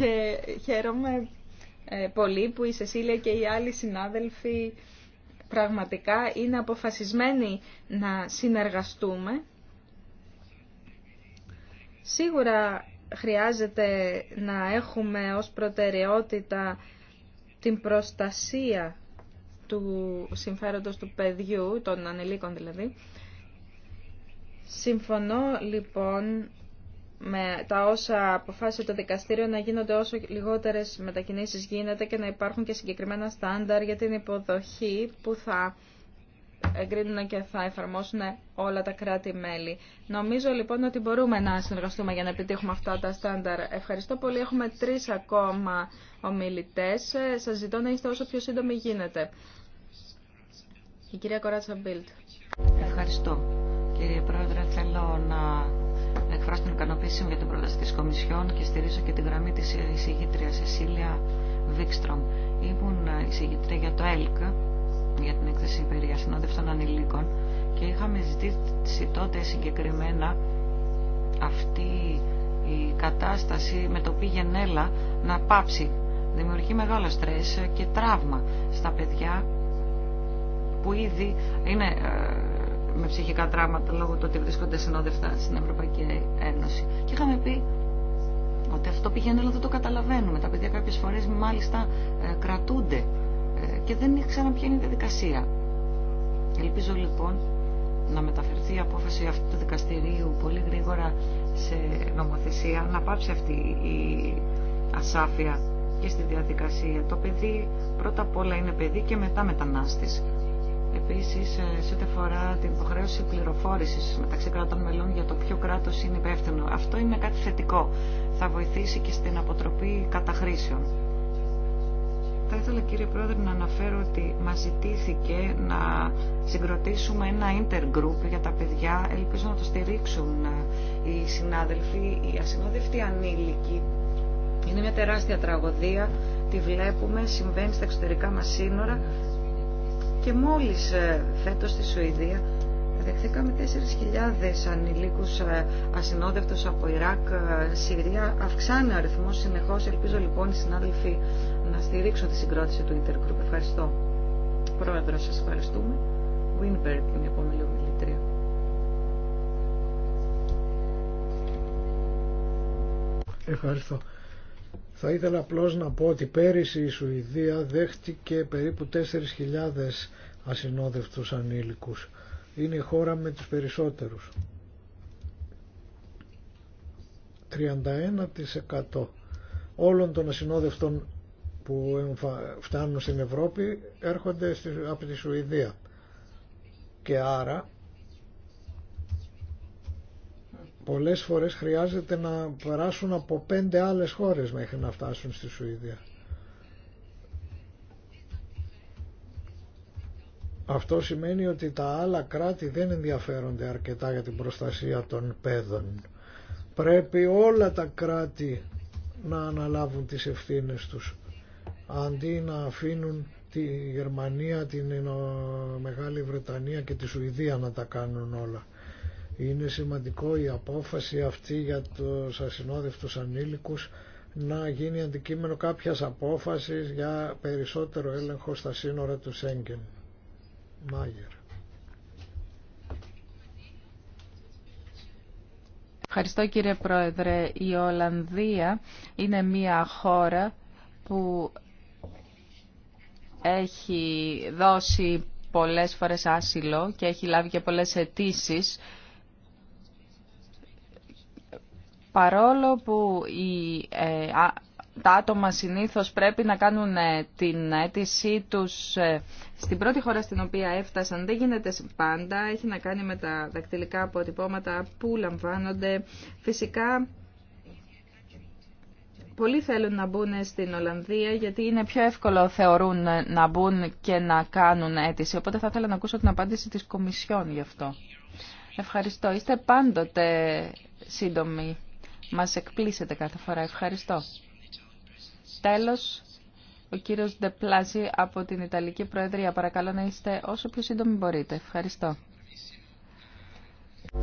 και χαίρομαι ε, πολύ που η Σεσίλια και οι άλλοι συνάδελφοι πραγματικά είναι αποφασισμένοι να συνεργαστούμε. Σίγουρα χρειάζεται να έχουμε ως προτεραιότητα την προστασία του συμφέροντος του παιδιού, των ανηλίκων δηλαδή. Συμφωνώ λοιπόν με τα όσα αποφάσισε το δικαστήριο να γίνονται όσο λιγότερες μετακινήσεις γίνεται και να υπάρχουν και συγκεκριμένα στάνταρ για την υποδοχή που θα εγκρίνουν και θα εφαρμόσουν όλα τα κράτη-μέλη. Νομίζω λοιπόν ότι μπορούμε να συνεργαστούμε για να επιτύχουμε αυτά τα στάνταρ. Ευχαριστώ πολύ. Έχουμε τρεις ακόμα ομιλητές. Σας ζητώ να είστε όσο πιο σύντομοι γίνεται. Η κυρία Κοράτσα Μπίλτ. Ευχαριστώ. Κύριε Πρόεδρε, θέλω να εκφράσω την ικανοποίησή μου για την πρόταση τη Κομισιόν και στηρίζω και την γραμμή τη εισηγήτρια Σεσίλια Βίξτρομ. Ήμουν ε, εισηγήτρια για το ΕΛΚ, για την έκθεση περί ασυνόδευτων ανηλίκων και είχαμε ζητήσει τότε συγκεκριμένα αυτή η κατάσταση με το πηγενέλα να πάψει. Δημιουργεί μεγάλο στρες και τραύμα στα παιδιά που ήδη είναι ε, με ψυχικά τραύματα λόγω του ότι βρίσκονται συνόδευτα στην Ευρωπαϊκή Ένωση. Και είχαμε πει ότι αυτό πηγαίνει αλλά δεν το καταλαβαίνουμε. Τα παιδιά κάποιε φορές μάλιστα ε, κρατούνται ε, και δεν ήξεραν ποια είναι η διαδικασία. Ελπίζω λοιπόν να μεταφερθεί η απόφαση αυτού του δικαστηρίου πολύ γρήγορα σε νομοθεσία, να πάψει αυτή η ασάφεια και στη διαδικασία. Το παιδί πρώτα απ' όλα είναι παιδί και μετά μετανάστης. Επίση, ε, σε ό,τι αφορά την υποχρέωση πληροφόρηση μεταξύ κρατών μελών για το ποιο κράτο είναι υπεύθυνο, αυτό είναι κάτι θετικό. Θα βοηθήσει και στην αποτροπή καταχρήσεων. Θα ήθελα κύριε Πρόεδρε να αναφέρω ότι μας ζητήθηκε να συγκροτήσουμε ένα intergroup για τα παιδιά. Ελπίζω να το στηρίξουν ε, οι συνάδελφοι, οι ασυνόδευτοι ανήλικοι. Είναι μια τεράστια τραγωδία, τη βλέπουμε, συμβαίνει στα εξωτερικά μας σύνορα και μόλις ε, φέτος στη Σουηδία δεχθήκαμε 4.000 ανηλίκους ε, ασυνόδευτους από Ιράκ, ε, Συρία. Αυξάνει ο αριθμός συνεχώς. Ελπίζω λοιπόν οι συνάδελφοι να στηρίξουν τη συγκρότηση του Intergroup. Ευχαριστώ. Πρόεδρο, σας ευχαριστούμε. Winberg, την επόμενη ομιλητρία. Ευχαριστώ. Θα ήθελα απλώς να πω ότι πέρυσι η Σουηδία δέχτηκε περίπου 4.000 ασυνόδευτους ανήλικους. Είναι η χώρα με τους περισσότερους. 31% όλων των ασυνόδευτων που φτάνουν στην Ευρώπη έρχονται από τη Σουηδία. Και άρα πολλές φορές χρειάζεται να περάσουν από πέντε άλλες χώρες μέχρι να φτάσουν στη Σουηδία. Αυτό σημαίνει ότι τα άλλα κράτη δεν ενδιαφέρονται αρκετά για την προστασία των παιδών. Πρέπει όλα τα κράτη να αναλάβουν τις ευθύνες τους αντί να αφήνουν τη Γερμανία, την Μεγάλη Βρετανία και τη Σουηδία να τα κάνουν όλα. Είναι σημαντικό η απόφαση αυτή για τους ασυνόδευτους ανήλικους να γίνει αντικείμενο κάποιας απόφασης για περισσότερο έλεγχο στα σύνορα του Σέγγεν. Μάγερ. Ευχαριστώ κύριε Πρόεδρε. Η Ολλανδία είναι μια χώρα που έχει δώσει πολλές φορές άσυλο και έχει λάβει και πολλές αιτήσει Παρόλο που ε, τα άτομα συνήθως πρέπει να κάνουν ε, την αίτησή τους ε, στην πρώτη χώρα στην οποία έφτασαν, δεν γίνεται πάντα, έχει να κάνει με τα δακτυλικά αποτυπώματα που λαμβάνονται. Φυσικά, πολλοί θέλουν να μπουν στην Ολλανδία γιατί είναι πιο εύκολο θεωρούν να μπουν και να κάνουν αίτηση. Οπότε θα ήθελα να ακούσω την απάντηση της Κομισιόν γι' αυτό. Ευχαριστώ. Είστε πάντοτε σύντομοι. Μας εκπλήσετε κάθε φορά. Ευχαριστώ. Τέλος, ο κύριος Ντεπλάζη από την Ιταλική Προεδρία. Παρακαλώ να είστε όσο πιο σύντομοι μπορείτε. Ευχαριστώ.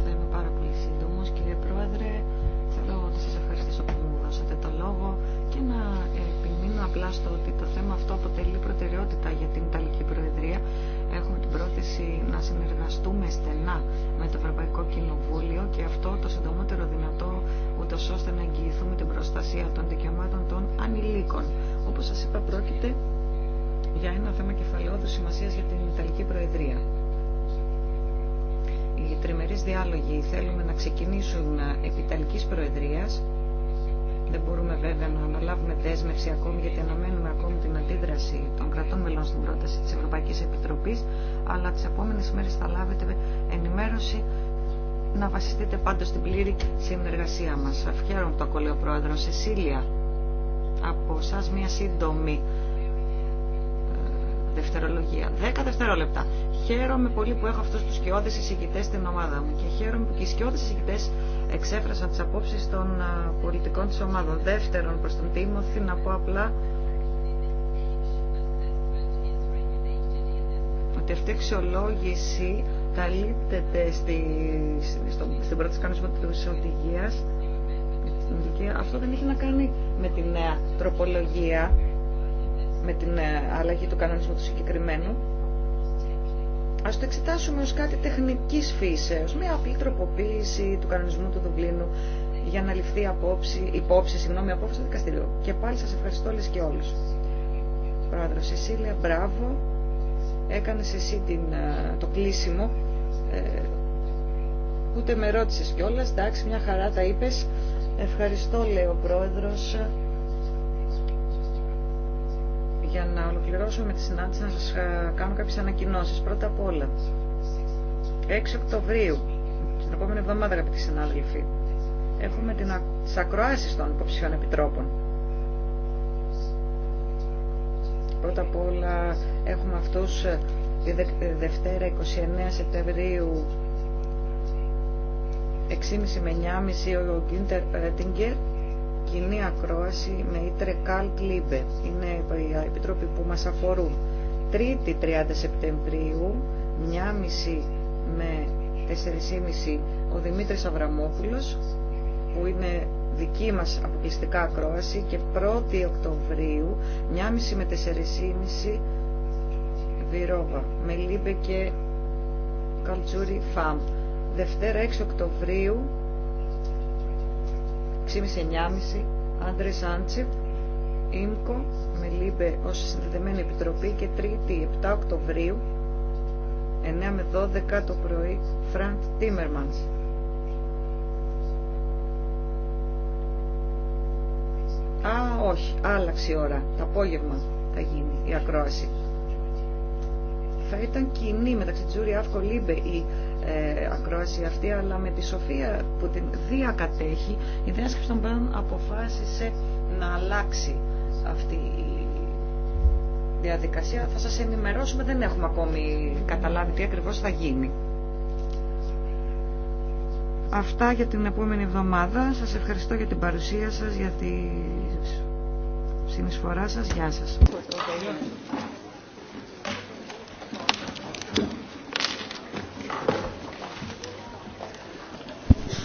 Θα είμαι πάρα πολύ σύντομο, κύριε Πρόεδρε. Θέλω να σα ευχαριστήσω που μου δώσατε το λόγο και να επιμείνω απλά στο ότι το θέμα αυτό αποτελεί προτεραιότητα για την Ιταλική Προεδρία. Έχουμε την πρόθεση να συνεργαστούμε στενά με το Ευρωπαϊκό Κοινοβούλιο και αυτό το συντομότερο δυνατό ούτως ώστε να εγγυηθούμε την προστασία των δικαιωμάτων των ανηλίκων. Όπως σας είπα πρόκειται για ένα θέμα κεφαλαιόδου σημασίας για την Ιταλική Προεδρία. Οι τριμερείς διάλογοι θέλουμε να ξεκινήσουν επί Ιταλικής Προεδρίας. Δεν μπορούμε βέβαια να αναλάβουμε δέσμευση ακόμη γιατί αναμένουμε ακόμη την αντίδραση των κρατών μελών στην πρόταση της Ευρωπαϊκής Επιτροπής αλλά τις επόμενες μέρες θα λάβετε ενημέρωση να βασιστείτε πάντα στην πλήρη συνεργασία μας. Ευχαριστώ το ακολεί πρόεδρο Σεσίλια. Από εσά μια σύντομη ε, δευτερολογία. δέκα δευτερόλεπτα. Χαίρομαι πολύ που έχω αυτού του σκιώδε εισηγητέ στην ομάδα μου και χαίρομαι που και οι σκιώδε εισηγητέ εξέφρασαν τι απόψει των ε, πολιτικών τη ομάδα. Δεύτερον, προ τον Τίμωθη να πω απλά ότι αυτή η αξιολόγηση καλύπτεται στη, στο, στην πρώτη κανονισμό της οδηγίας. Αυτό δεν έχει να κάνει με την νέα τροπολογία, με την ε, αλλαγή του κανονισμού του συγκεκριμένου. Ας το εξετάσουμε ως κάτι τεχνικής φύσεως, μια απλή τροποποίηση του κανονισμού του Δουβλίνου για να ληφθεί απόψη, υπόψη, συγγνώμη, απόψη του Και πάλι σας ευχαριστώ όλες και όλους. Πρόεδρο Σεσίλια, μπράβο. Έκανε εσύ την, το κλείσιμο ε, ούτε με ρώτησες κιόλας εντάξει μια χαρά τα είπες ευχαριστώ λέει ο πρόεδρος για να ολοκληρώσω με τη συνάντηση να σας κάνω κάποιες ανακοινώσεις πρώτα απ' όλα 6 Οκτωβρίου την επόμενη εβδομάδα αγαπητοί συνάδελφοι έχουμε την ακροάσεις των υποψηφίων επιτρόπων Πρώτα απ' όλα έχουμε αυτούς ε, ε, Δευτέρα 29 Σεπτεμβρίου 6.30 με 9.30 ο Γκίντερ Ρέτιγκερ κοινή ακρόαση με ήτρε Καλ Κλίμπε. Είναι οι επιτρόποι που μας αφορούν. Τρίτη 30 Σεπτεμβρίου 1.30 με 4.30 ο Δημήτρης Αβραμόπουλος που είναι δική μας αποκλειστικά ακρόαση και 1η Οκτωβρίου 9.30 με 4.30 Βυρόβα με Λίμπε και Καλτζούρι Φαμ Δευτέρα 6 Οκτωβρίου 6.30-9.30 Άντρε Άντσιπ Ίμκο με Λίμπε ως συνδεδεμένη επιτροπή και 3η 7 Οκτωβρίου 9 με 12 το πρωί Φραντ Τίμερμανς Α, όχι, άλλαξε η ώρα. Το απόγευμα θα γίνει η ακρόαση. Θα ήταν κοινή μεταξύ Τζούρι Αύκο Λίμπε η ε, ακρόαση αυτή, αλλά με τη Σοφία που την διακατέχει, η διάσκεψη των πάντων αποφάσισε να αλλάξει αυτή η διαδικασία. Θα σας ενημερώσουμε, δεν έχουμε ακόμη καταλάβει τι ακριβώς θα γίνει. Αυτά για την επόμενη εβδομάδα. Σας ευχαριστώ για την παρουσία σας, για τη συνεισφορά σας. Γεια σας.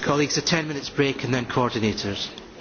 Colleagues, a 10 minutes break and then coordinators.